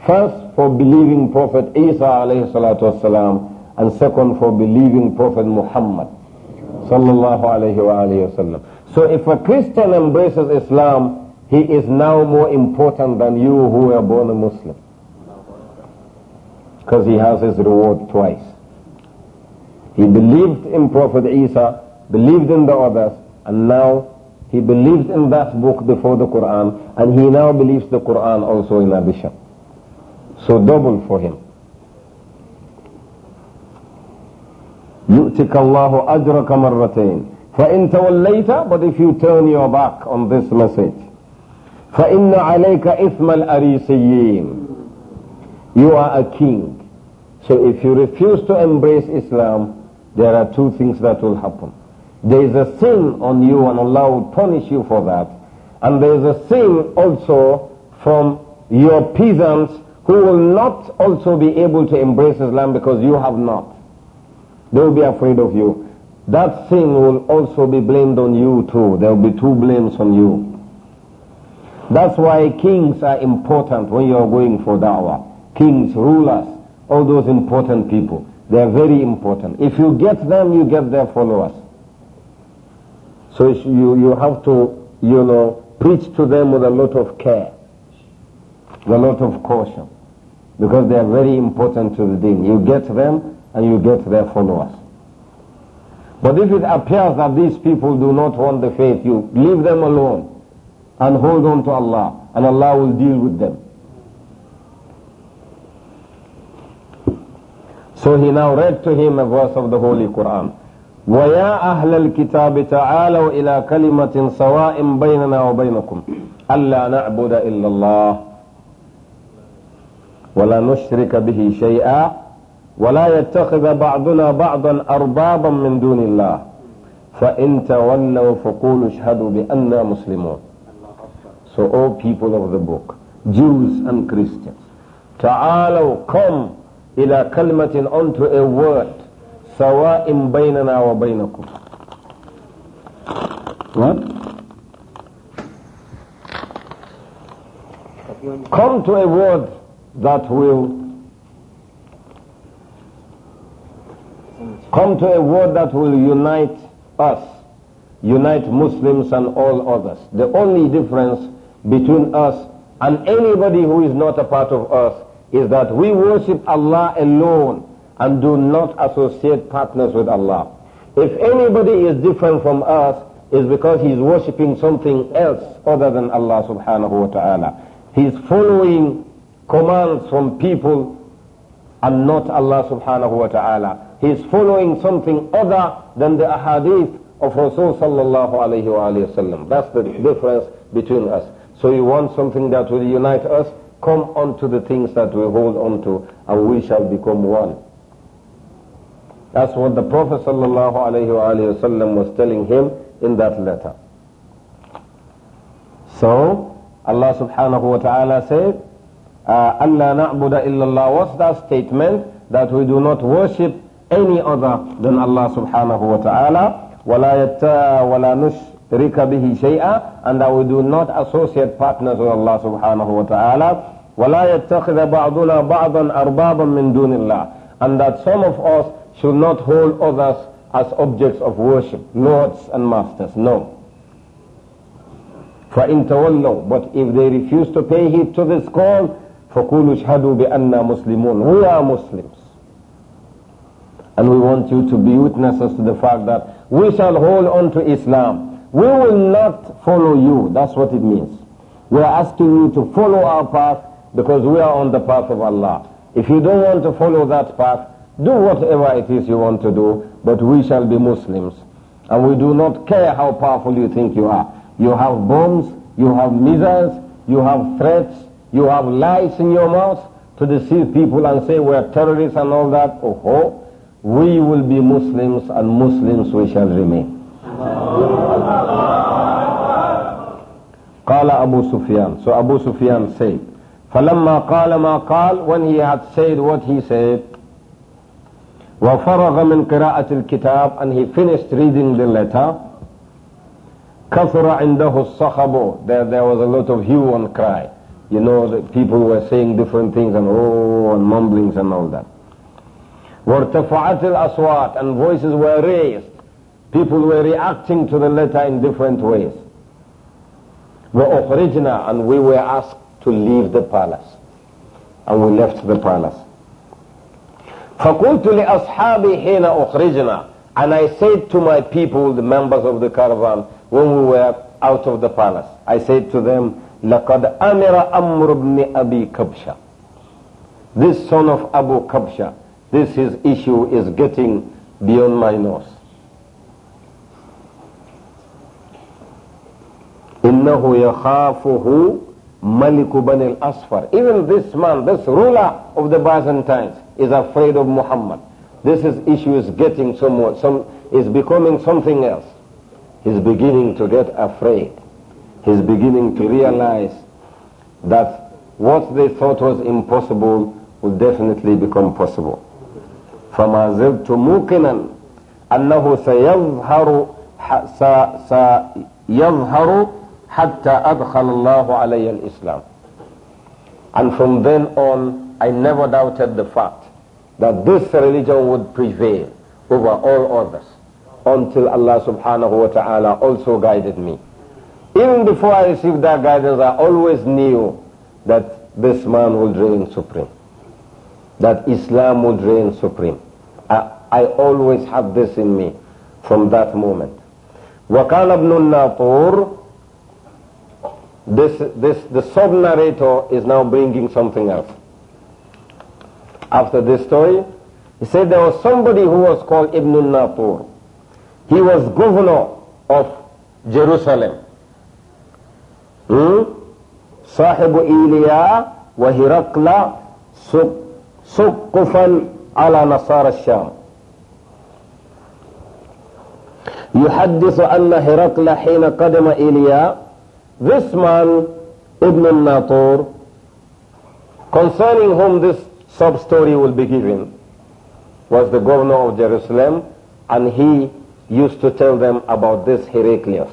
First for believing Prophet Isa alayhi salatu wasalam and second for believing Prophet Muhammad sallallahu alayhi wa alayhi wasallam. So if a Christian embraces Islam, he is now more important than you who were born a Muslim. Because he has his reward twice. He believed in Prophet Isa, believed in the others, and now he believed in that book before the Quran, and he now believes the Quran also in addition. So double for him. يؤتك الله أجرك مرتين فَإِن تَوَلَّيْتَ But if you turn your back on this message, فَإِنَّ عَلَيْكَ إِثْمَ الْأَرِيسِيِّينَ You are a king. So if you refuse to embrace Islam, there are two things that will happen. There is a sin on you and Allah will punish you for that. And there is a sin also from your peasants who will not also be able to embrace Islam because you have not. They will be afraid of you that thing will also be blamed on you too. There will be two blames on you. That's why kings are important when you are going for da'wah. Kings, rulers, all those important people. They are very important. If you get them, you get their followers. So you, you have to, you know, preach to them with a lot of care, with a lot of caution, because they are very important to the deen. You get them and you get their followers. But if it appears that these people do not want the faith, you leave them alone and hold on to Allah, and Allah will deal with them. So he now read to him a verse of the Holy Quran. ويا أهل الكتاب تعالوا إلى كلمة سواء بيننا وبينكم ألا نعبد إلا الله ولا نشرك به شيئا ولا يتخذ بعضنا بعضا أربابا من دون الله فإن تولوا فقولوا اشهدوا بأننا مسلمون So all people of the book, Jews and Christians, تعالوا قم إلى كلمة unto a word سواء بيننا وبينكم What? Come to a word that will Come to a word that will unite us, unite Muslims and all others. The only difference between us and anybody who is not a part of us is that we worship Allah alone and do not associate partners with Allah. If anybody is different from us, it's because he's worshipping something else other than Allah subhanahu wa ta'ala. He's following commands from people and not Allah subhanahu wa ta'ala he is following something other than the ahadith of Rasulullah sallallahu That's the difference between us. So you want something that will unite us, come on to the things that we hold on to and we shall become one. That's what the Prophet sallallahu was telling him in that letter. So, Allah subhanahu wa ta'ala said, uh, ah, Allah na'budu illallah. What's that statement? That we do not worship any other than Allah subhanahu wa ta'ala. وَلَا يَتَّى وَلَا نُشْرِكَ بِهِ شَيْئًا And that we do not associate partners with Allah subhanahu wa ta'ala. وَلَا يَتَّخِذَ بَعْضُنَا بَعْضًا أَرْبَابًا مِنْ دُونِ اللَّهِ And that some of us should not hold others as objects of worship, lords and masters. No. فَإِن تَوَلَّوْا But if they refuse to pay heed to this call, فَقُولُوا اشْهَدُوا بِأَنَّا مُسْلِمُونَ We are Muslims. And we want you to be witnesses to the fact that we shall hold on to Islam. We will not follow you. That's what it means. We are asking you to follow our path because we are on the path of Allah. If you don't want to follow that path, do whatever it is you want to do, but we shall be Muslims. And we do not care how powerful you think you are. You have bombs, you have missiles, you have threats, you have lies in your mouth to deceive people and say we're terrorists and all that. Oh, we will be Muslims and Muslims we shall remain. قال Abu Sufyan. So Abu Sufyan said فلما قال ما قال When he had said what he said وفرغ من قراءة الكتاب and he finished reading the letter كثر عنده الصخب there, there was a lot of hue and cry you know that people were saying different things and oh and mumblings and all that وَارْتَفَعَتِ الْأَصْوَاتِ And voices were raised. People were reacting to the letter in different ways. وَأُخْرِجْنَا And we were asked to leave the palace. And we left the palace. فَقُلْتُ لِأَصْحَابِي حِينَ أُخْرِجْنَا And I said to my people, the members of the caravan, when we were out of the palace, I said to them, لَقَدْ أَمِرَ أَمْرُ بْنِ أَبِي كَبْشَةٍ This son of Abu Kabsha this his issue is getting beyond my nose. إنه يخافه Malik ibn al-Asfar. Even this man, this ruler of the Byzantines, is afraid of Muhammad. This is, issue is getting somewhat, some, is becoming something else. He's beginning to get afraid. He's beginning to realize that what they thought was impossible will definitely become possible. فما زلت موقنا أنه سيظهر سيظهر حتى أدخل الله علي الإسلام and from then on I never doubted the fact that this religion would prevail over all others until Allah subhanahu wa ta'ala also guided me even before I received that guidance I always knew that this man would reign supreme that Islam would reign supreme I always have this in me from that moment. وقال ابن الناطور this, this, the sub-narrator is now bringing something else. After this story, he said there was somebody who was called Ibn al-Natur. He was governor of Jerusalem. Hmm? صاحب إيليا وهرقل سقفا على نصارى الشام يحدث أن هرقل حين قدم إيليا this man Ibn al-Natur concerning whom this sub-story will be given was the governor of Jerusalem and he used to tell them about this Heraclius.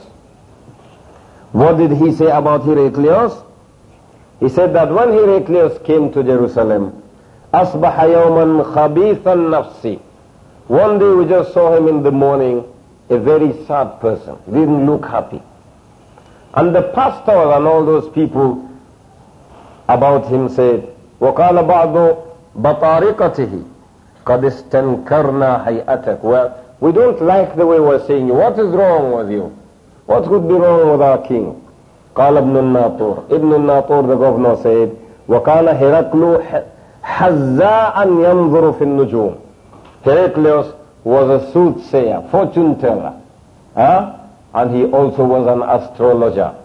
What did he say about Heraclius? He said that when Heraclius came to Jerusalem, أصبح يوما خبيث One day we just saw him in the morning, a very sad person, didn't look happy. And the pastor and all those people about him said, وقال بعض بطارقته قد استنكرنا Well, we don't like the way we're seeing you. What is wrong with you? What could be wrong with our king? قال ابن الناطور ابن الناطور the governor said وقال هرقل Hazza'an yanzuru fin nujum. Heraclius was a soothsayer, fortune teller. Huh? And he also was an astrologer.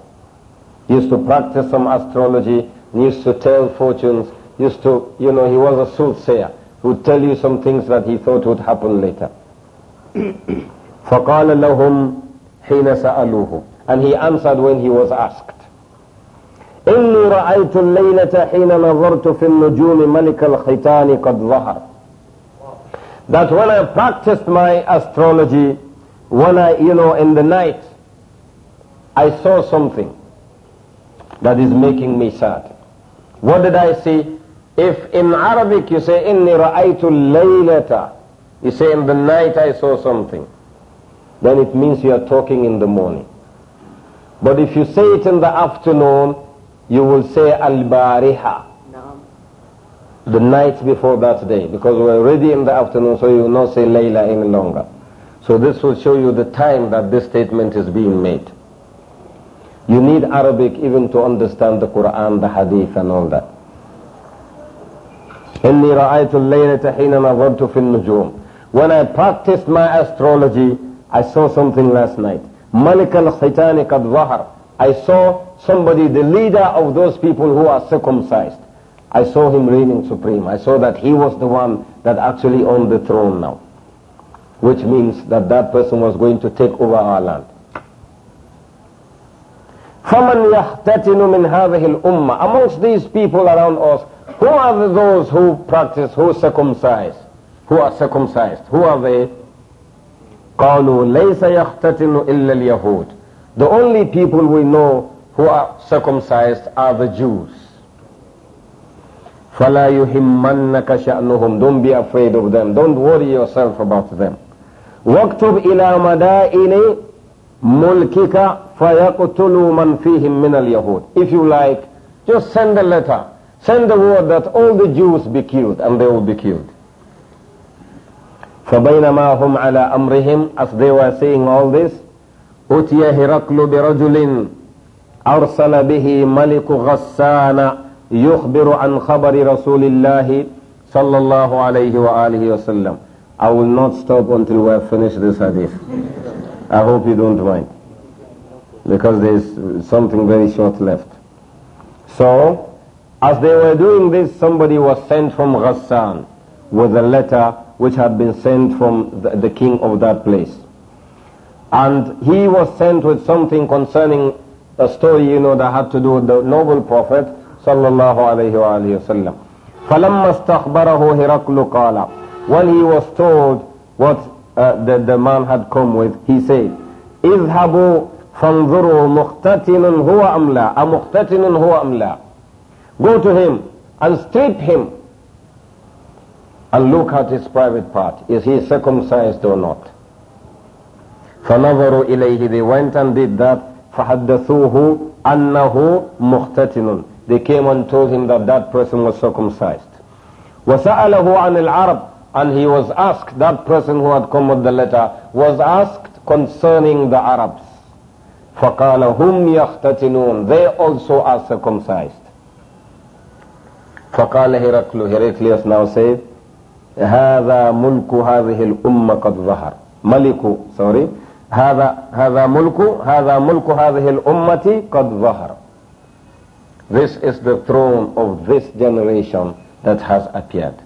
He used to practice some astrology, used to tell fortunes, used to, you know, he was a soothsayer. He would tell you some things that he thought would happen later. فَقَالَ لَهُمْ حِينَ سَأَلُوهُ And he answered when he was asked. إني رأيت الليلة حين نظرت في النجوم ملك الختان قد ظهر that when I practiced my astrology when I you know in the night I saw something that is making me sad what did I see if in Arabic you say إني رأيت الليلة you say in the night I saw something then it means you are talking in the morning but if you say it in the afternoon you will say al-bariha. No. The night before that day, because we're already in the afternoon, so you will not say layla any longer. So this will show you the time that this statement is being made. You need Arabic even to understand the Quran, the Hadith and all that. إني رأيت الليلة حين نظرت في النجوم. When I practiced my astrology, I saw something last night. ملك الختان قد ظهر. I saw somebody, the leader of those people who are circumcised. I saw him reigning supreme. I saw that he was the one that actually owned the throne now. Which means that that person was going to take over our land. فَمَنْ يَحْتَتِنُ مِنْ هَذِهِ الْأُمَّةِ Amongst these people around us, who are those who practice, who circumcise, who are circumcised? Who are they? قالوا ليس يختتن إلا اليهود the only people we know who are circumcised are the Jews. فَلَا يُهِمَّنَّكَ شَأْنُهُمْ Don't be afraid of them. Don't worry yourself about them. وَاكْتُبْ إِلَى مَدَائِنِ مُلْكِكَ فَيَقْتُلُوا مَنْ فِيهِمْ مِنَ الْيَهُودِ If you like, just send a letter. Send the word that all the Jews be killed and they will be killed. فَبَيْنَمَا هُمْ عَلَى أَمْرِهِمْ As they were saying all this, أتي هرقل برجل أرسل به ملك غسان يخبر عن خبر رسول الله صلى الله عليه وآله وسلم I will not stop until we have finished this hadith. I hope you don't mind. Because there is something very short left. So, as they were doing this, somebody was sent from Ghassan with a letter which had been sent from the, the king of that place. And he was sent with something concerning a story, you know, that had to do with the noble prophet sallallahu alayhi wa alayhi wa sallam. فَلَمَّا اسْتَخْبَرَهُ هِرَقْلُ قَالَ When he was told what uh, the, the man had come with, he said, اذهبوا فانظروا مختتن هو أم لا أمختتن هو أم لا Go to him and strip him and look at his private part. Is he circumcised or not? فنظروا إليه they went and did that فحدثوه أنه مختتن they came and told him that that person was circumcised وسأله عن العرب and he was asked that person who had come with the letter was asked concerning the Arabs فقال هم يختتنون they also are circumcised فقال هرقل هرقلس now said هذا ملك هذه الأمة قد ظهر ملك sorry هذا هذا ملك هذا ملك هذه الأمة قد ظهر This is the throne of this generation that has appeared.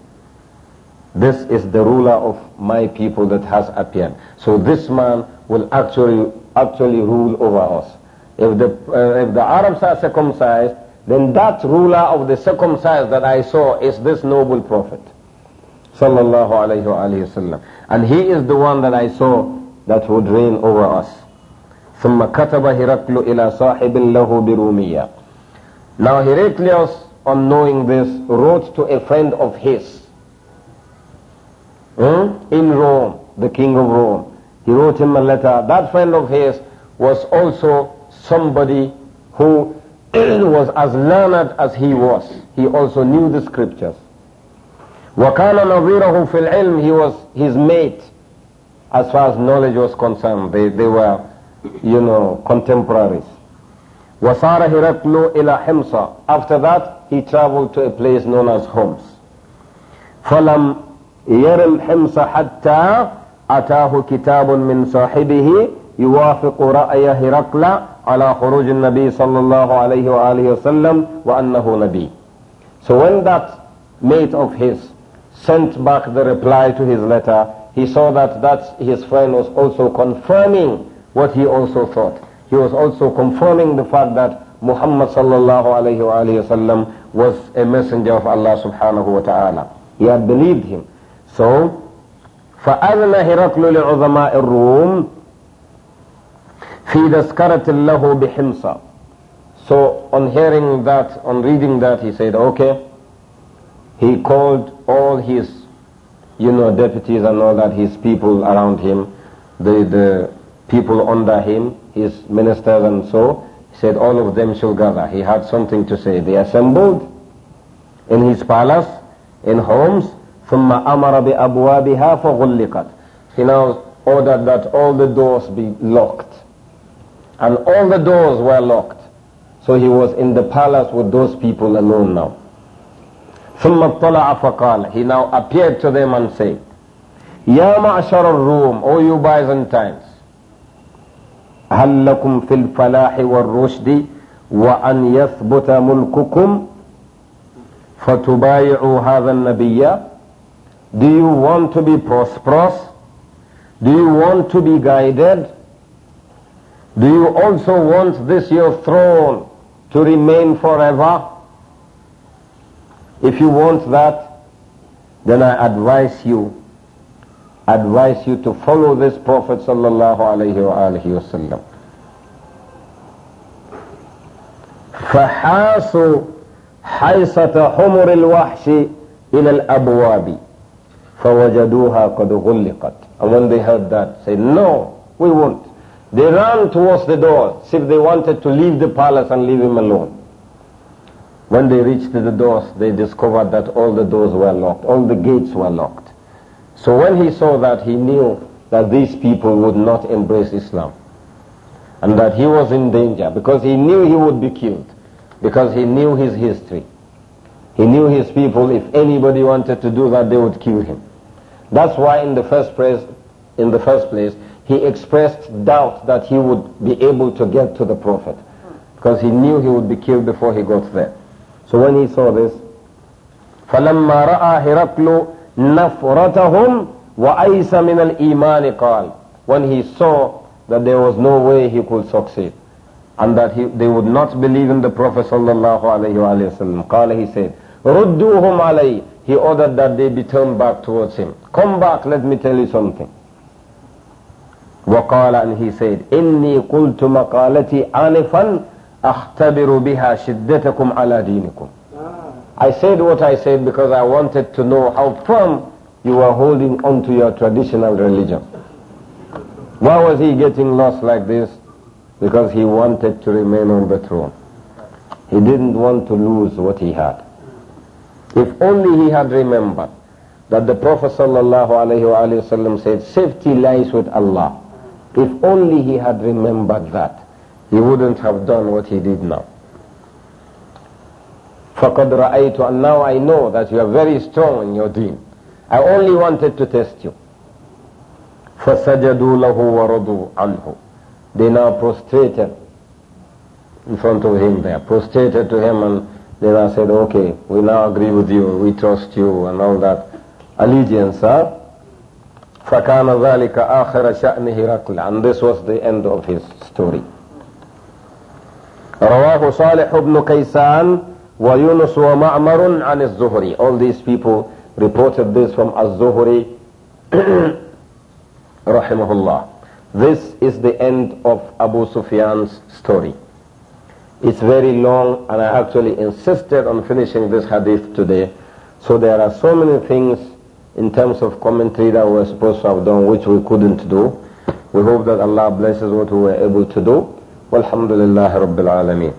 This is the ruler of my people that has appeared. So this man will actually actually rule over us. If the uh, if the Arabs are circumcised, then that ruler of the circumcised that I saw is this noble prophet. Sallallahu alayhi wa And he is the one that I saw that would reign over us. ثم كتب هرقل إلى صاحب له برومية. Now Heraclius, on knowing this, wrote to a friend of his hmm? in Rome, the king of Rome. He wrote him a letter. That friend of his was also somebody who (clears throat) was as learned as he was. He also knew the scriptures. وكان نظيره في العلم he was his mate as far as knowledge was concerned. They, they were, you know, contemporaries. Wasara هِرَقْلُ ila حِمْصَ After that, he traveled to a place known as Homs. فَلَمْ يَرِمْ حِمْصَ حَتَّى أَتَاهُ كِتَابٌ مِّن صَاحِبِهِ يوافق رأي هرقل على خروج النبي صلى الله عليه وآله وسلم وأنه نبي. So when that mate of his sent back the reply to his letter, he saw that, that his friend was also confirming what he also thought. He was also confirming the fact that Muhammad sallallahu alayhi wa, alayhi wa was a messenger of Allah subhanahu wa ta'ala. He had believed him. So, فأذن هرقل لعظماء الروم في تذكرة اللَّهِ بحمصة So on hearing that, on reading that, he said, okay. He called all his you know, deputies and all that, his people around him, the, the people under him, his ministers and so, he said all of them shall gather. He had something to say. They assembled in his palace, in homes, ثم أمر بأبوابها فغلقت. He now ordered that all the doors be locked. And all the doors were locked. So he was in the palace with those people alone now. ثم اطلع فقال He now appeared to them and said, يا معشر الروم, O you Byzantines, هل لكم في الفلاح والرشد وأن يثبت ملككم فتبايعوا هذا النبي Do you want to be prosperous? Do you want to be guided? Do you also want this your throne to remain forever? If you want that, then I advise you, advise you to follow this Prophet sallallahu alayhi wa فحاصوا حيصة حمر الوحش إلى الأبواب فوجدوها قد غلقت and when they heard that say no we won't they ran towards the door as if they wanted to leave the palace and leave him alone when they reached the doors, they discovered that all the doors were locked, all the gates were locked. So when he saw that, he knew that these people would not embrace Islam and that he was in danger because he knew he would be killed, because he knew his history. He knew his people, if anybody wanted to do that, they would kill him. That's why in the first place, in the first place, he expressed doubt that he would be able to get to the Prophet because he knew he would be killed before he got there. So when he saw this, فَلَمَّا رَأَى هِرَقْلُ نَفْرَتَهُمْ وَأَيْسَ مِنَ الْإِيمَانِ قَالَ When he saw that there was no way he could succeed and that he, they would not believe in the Prophet sallallahu alayhi wa sallam. قال he said, رُدُّوهُمْ عَلَيْهِ He ordered that they be turned back towards him. Come back, let me tell you something. وقال and he said, إِنِّي قُلْتُ مَقَالَتِي آنِفًا أختبر بها شدتكم على دينكم ah. I said what I said because I wanted to know how firm you were holding on to your traditional religion. Why was he getting lost like this? Because he wanted to remain on the throne. He didn't want to lose what he had. If only he had remembered that the Prophet said, safety lies with Allah. If only he had remembered that he wouldn't have done what he did now. فَقَدْ رَأَيْتُ And now I know that you are very strong in your deen. I only wanted to test you. فَسَجَدُوا لَهُ وَرَضُوا عَنْهُ They now prostrated in front of him there, prostrated to him and then I said, okay, we now agree with you, we trust you and all that. Allegiance, huh? فَكَانَ ذَلِكَ آخِرَ شَأْنِهِ هِرَقْلَ And this was the end of his story. رواه صالح بن كيسان ويونس ومعمر عن الزهري all these people reported this from الزهري رحمه الله this is the end of Abu Sufyan's story it's very long and I actually insisted on finishing this hadith today so there are so many things in terms of commentary that we we're supposed to have done which we couldn't do we hope that Allah blesses what we were able to do Walhamdulillah Rabbil Alameen.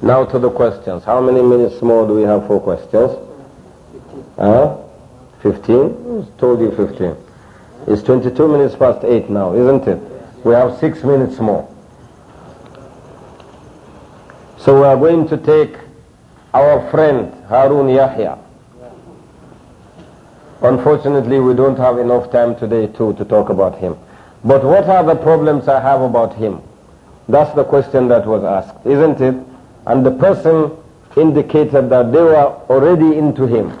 Now to the questions. How many minutes more do we have for questions? Huh? 15? I told you 15. It's 22 minutes past 8 now, isn't it? We have 6 minutes more. So we are going to take our friend Harun Yahya. Unfortunately, we don't have enough time today to to talk about him. But what are the problems I have about him? That's the question that was asked, isn't it? And the person indicated that they were already into him.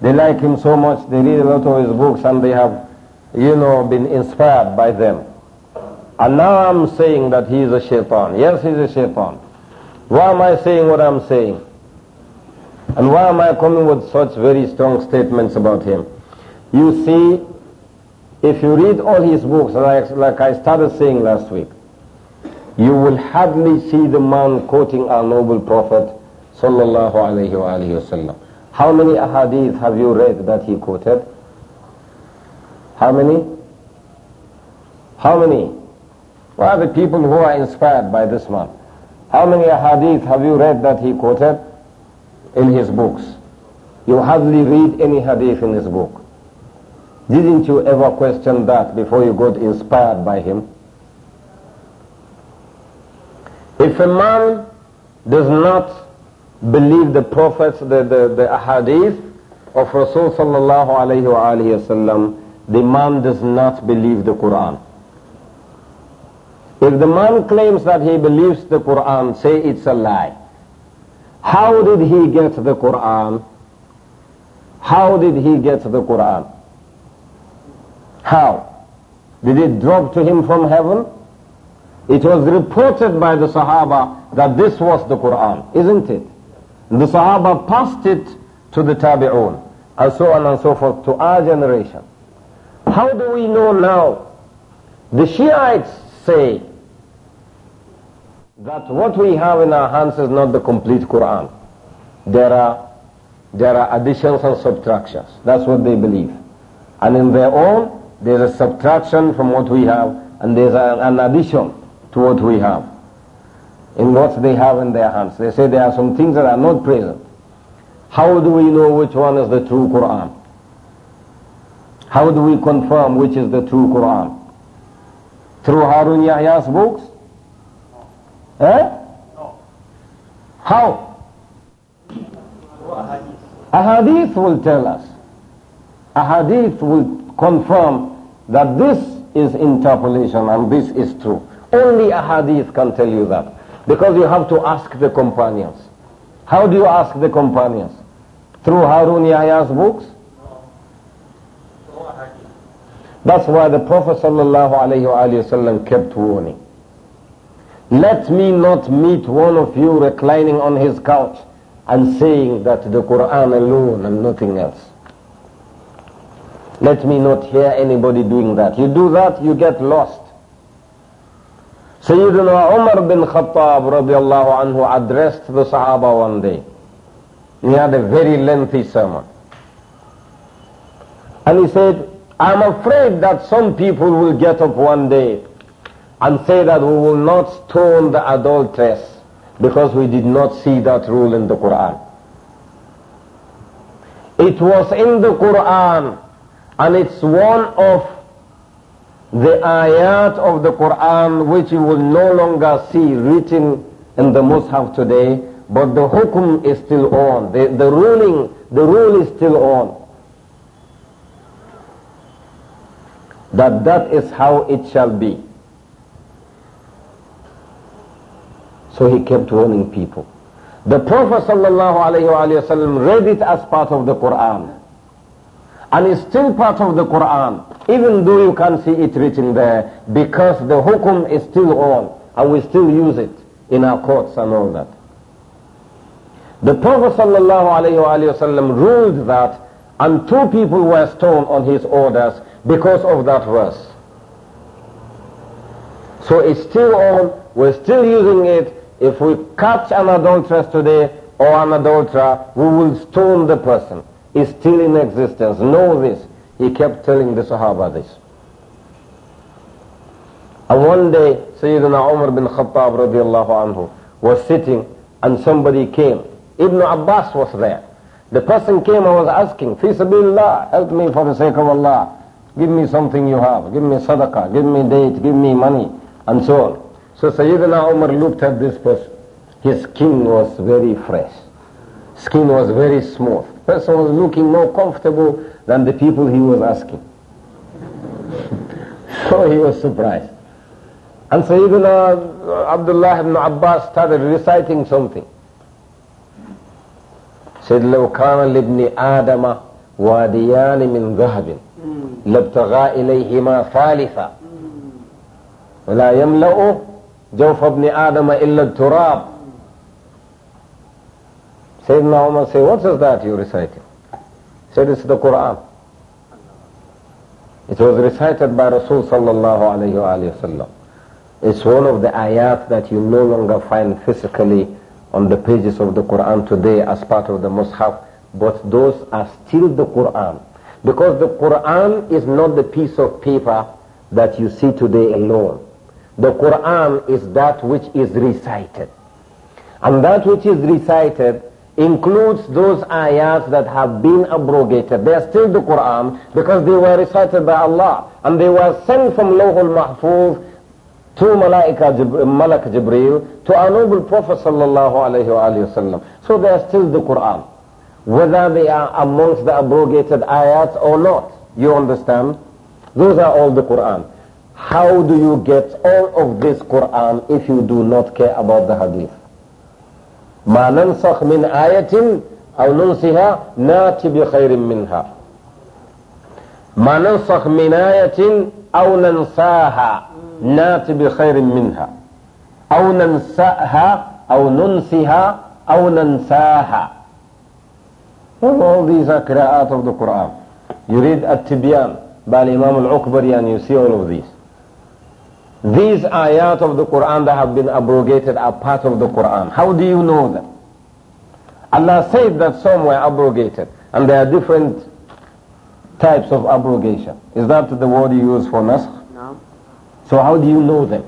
They like him so much, they read a lot of his books and they have, you know, been inspired by them. And now I'm saying that he is a shaitan. Yes, he's a shaitan. Why am I saying what I'm saying? And why am I coming with such very strong statements about him? You see, if you read all his books, like, like I started saying last week, you will hardly see the man quoting our noble Prophet sallallahu alayhi wa alayhi wasallam. How many ahadith have you read that he quoted? How many? How many? What are the people who are inspired by this man. How many ahadith have you read that he quoted in his books? You hardly read any hadith in his book. Didn't you ever question that before you got inspired by him? If a man does not believe the prophets, the, the, the ahadith of Rasulullah sallallahu alayhi wa alayhi wasallam, the man does not believe the Quran. If the man claims that he believes the Quran, say it's a lie. How did he get the Quran? How did he get the Quran? How? Did it drop to him from heaven? It was reported by the Sahaba that this was the Quran, isn't it? The Sahaba passed it to the Tabi'un, and so on and so forth, to our generation. How do we know now? The Shiites say that what we have in our hands is not the complete Quran. There are, there are additions and subtractions. That's what they believe. And in their own, there's a subtraction from what we have, and there's an addition to what we have, in what they have in their hands. They say there are some things that are not present. How do we know which one is the true Quran? How do we confirm which is the true Quran? Through Harun Yahya's books? No. Eh? No. How? A Ahadith will tell us. Ahadith will confirm that this is interpolation and this is true. Only a hadith can tell you that. Because you have to ask the companions. How do you ask the companions? Through Harun Yahya's books? That's why the Prophet ﷺ kept warning. Let me not meet one of you reclining on his couch and saying that the Quran alone and nothing else. Let me not hear anybody doing that. You do that, you get lost. Sayyidina Umar bin Khattab radiallahu anhu addressed the Sahaba one day. He had a very lengthy sermon. And he said, I'm afraid that some people will get up one day and say that we will not stone the adulteress because we did not see that rule in the Quran. It was in the Quran and it's one of the ayat of the Quran which you will no longer see written in the Mus'haf today, but the hukum is still on. The, the ruling, the rule is still on. That that is how it shall be. So he kept warning people. The Prophet ﷺ read it as part of the Quran and it's still part of the Quran, even though you can't see it written there, because the hukum is still on, and we still use it in our courts and all that. The Prophet ﷺ ruled that, and two people were stoned on his orders because of that verse. So it's still on, we're still using it. If we catch an adulteress today or an adulterer, we will stone the person is still in existence. Know this. He kept telling the Sahaba this. And one day, Sayyidina Umar bin Khattab radiallahu anhu was sitting and somebody came. Ibn Abbas was there. The person came and was asking, Fi sabilillah, help me for the sake of Allah. Give me something you have. Give me sadaqah. Give me date. Give me money. And so on. So Sayyidina Umar looked at this person. His skin was very fresh. Skin was very smooth person was looking more comfortable than the people he was asking. (laughs) so he was surprised. And Sayyidina Abdullah ibn Abbas started reciting something. Said, لو كان لابن آدم واديان من ذهب لابتغى إليهما ثالثا ولا يملأ جوف ابن آدم إلا التراب Sayyidina Umar say, what is that you reciting? He said, it's the Quran. It was recited by Rasul sallallahu alayhi It's one of the ayat that you no longer find physically on the pages of the Quran today as part of the Mus'haf, but those are still the Quran. Because the Quran is not the piece of paper that you see today alone. The Quran is that which is recited. And that which is recited includes those ayats that have been abrogated. They are still the Quran because they were recited by Allah and they were sent from Lawhul Mahfuz to Malaika Jib Malak Jibreel to our noble Prophet sallallahu alayhi wa sallam. So they are still the Quran. Whether they are amongst the abrogated ayats or not, you understand? Those are all the Quran. How do you get all of this Quran if you do not care about the hadith? ما ننسخ من آية أو ننسها نأتي بخير منها ما ننسخ من آية أو ننساها نأتي بخير منها أو ننساها أو ننسها أو ننساها all these are قراءات of the Quran. You read At-Tibyan by Imam al and you see all of these. These ayat of the Quran that have been abrogated are part of the Quran. How do you know them? Allah said that some were abrogated, and there are different types of abrogation. Is that the word you use for nasr? No. So how do you know them?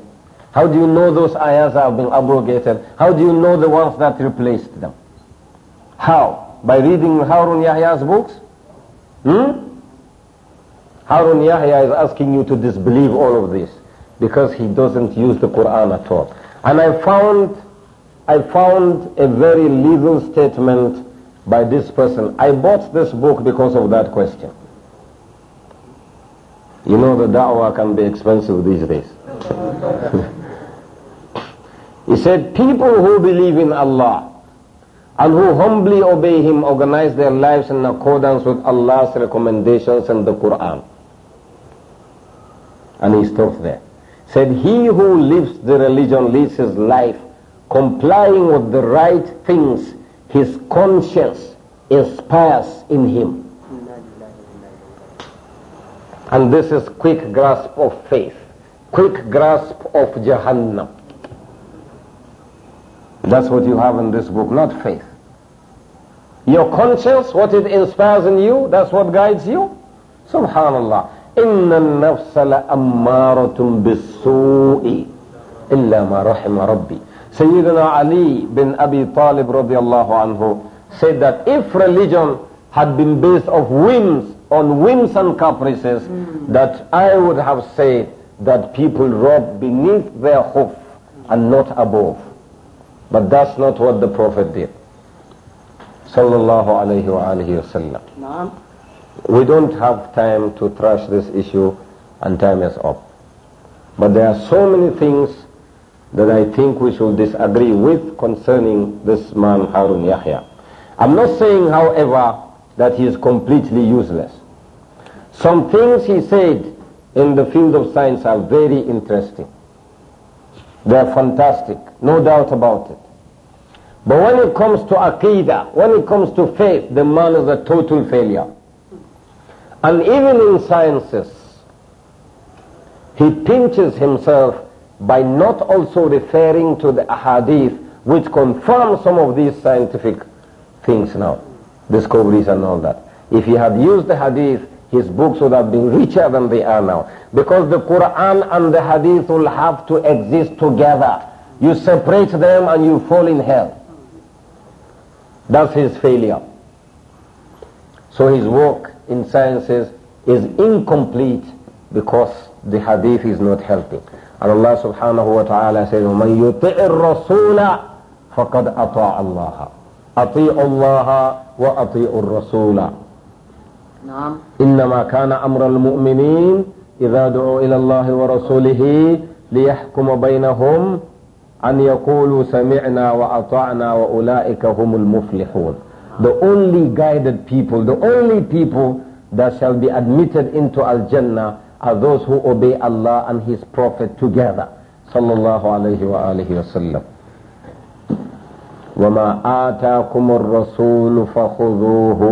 How do you know those ayahs have been abrogated? How do you know the ones that replaced them? How? By reading Harun Yahya's books? Hmm? Harun Yahya is asking you to disbelieve all of this because he doesn't use the Quran at all. And I found, I found a very legal statement by this person. I bought this book because of that question. You know the da'wah can be expensive these days. (laughs) he said, people who believe in Allah and who humbly obey Him organize their lives in accordance with Allah's recommendations and the Quran. And he stopped there said, He who lives the religion lives his life complying with the right things his conscience inspires in him. And this is quick grasp of faith, quick grasp of Jahannam. That's what you have in this book, not faith. Your conscience, what it inspires in you, that's what guides you. Subhanallah. إن النفس لأمارة بالسوء إلا ما رحم ربي سيدنا علي بن أبي طالب رضي الله عنه said that if religion had been based of whims, on whims and caprices, mm. that I would have said that people rob beneath their hoof and not above. But that's not what the Prophet did. Sallallahu alayhi wa alayhi wa sallam. We don't have time to trash this issue and time is up. But there are so many things that I think we should disagree with concerning this man Harun Yahya. I'm not saying, however, that he is completely useless. Some things he said in the field of science are very interesting. They are fantastic, no doubt about it. But when it comes to Aqidah, when it comes to faith, the man is a total failure. And even in sciences, he pinches himself by not also referring to the ahadith which confirm some of these scientific things now, discoveries and all that. If he had used the hadith, his books would have been richer than they are now. Because the Quran and the hadith will have to exist together. You separate them and you fall in hell. That's his failure. So his work in sciences is incomplete because the hadith is not helping. And Allah subhanahu wa ta'ala says, وَمَنْ يُطِعِ الرَّسُولَ فَقَدْ أَطَاعَ اللَّهَ أطيعوا الله وأطيعوا الرسول نعم إنما كان أمر المؤمنين إذا دعوا إلى الله ورسوله ليحكم بينهم أن يقولوا سمعنا وأطعنا وأولئك هم المفلحون the only guided people, the only people that shall be admitted into Al-Jannah are those who obey Allah and His Prophet together. Sallallahu alayhi wa alihi wa sallam. وما آتاكم الرسول فخذوه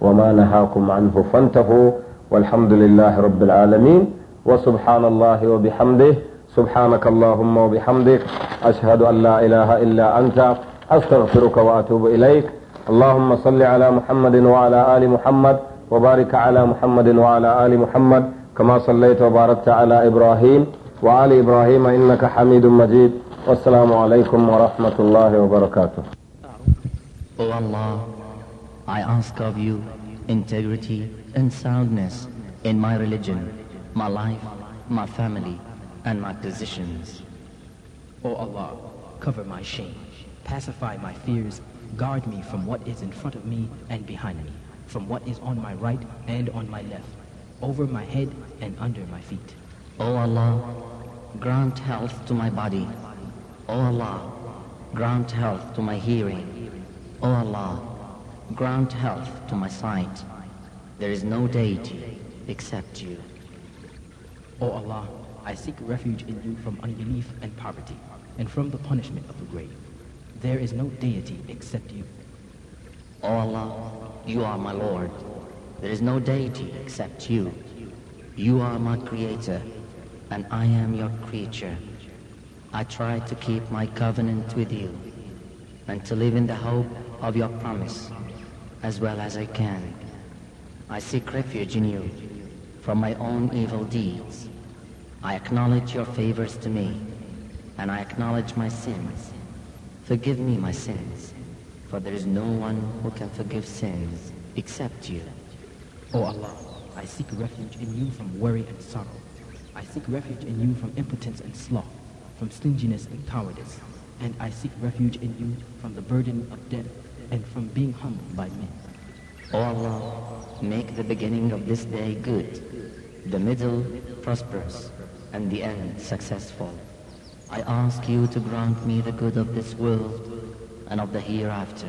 وما نهاكم عنه فانتهوا والحمد لله رب العالمين وسبحان الله وبحمده سبحانك اللهم وبحمدك أشهد أن لا إله إلا أنت أستغفرك وأتوب إليك اللهم صل على محمد وعلى آل محمد وبارك على محمد وعلى آل محمد كما صليت وباركت على إبراهيم وعلى إبراهيم إنك حميد مجيد والسلام عليكم ورحمة الله وبركاته O Allah, I ask of you integrity and soundness in my religion, my life, my family, and my positions. O Allah, cover my shame, pacify my fears, Guard me from what is in front of me and behind me, from what is on my right and on my left, over my head and under my feet. O Allah, grant health to my body. O Allah, grant health to my hearing. O Allah, grant health to my sight. There is no deity except you. O Allah, I seek refuge in you from unbelief and poverty, and from the punishment of the grave. There is no deity except you. O Allah, you are my Lord. There is no deity except you. You are my creator, and I am your creature. I try to keep my covenant with you, and to live in the hope of your promise, as well as I can. I seek refuge in you from my own evil deeds. I acknowledge your favors to me, and I acknowledge my sins. Forgive me my sins, for there is no one who can forgive sins except you. O Allah, I seek refuge in you from worry and sorrow. I seek refuge in you from impotence and sloth, from stinginess and cowardice. And I seek refuge in you from the burden of debt and from being humbled by men. O Allah, make the beginning of this day good, the middle prosperous, and the end successful. I ask you to grant me the good of this world and of the hereafter.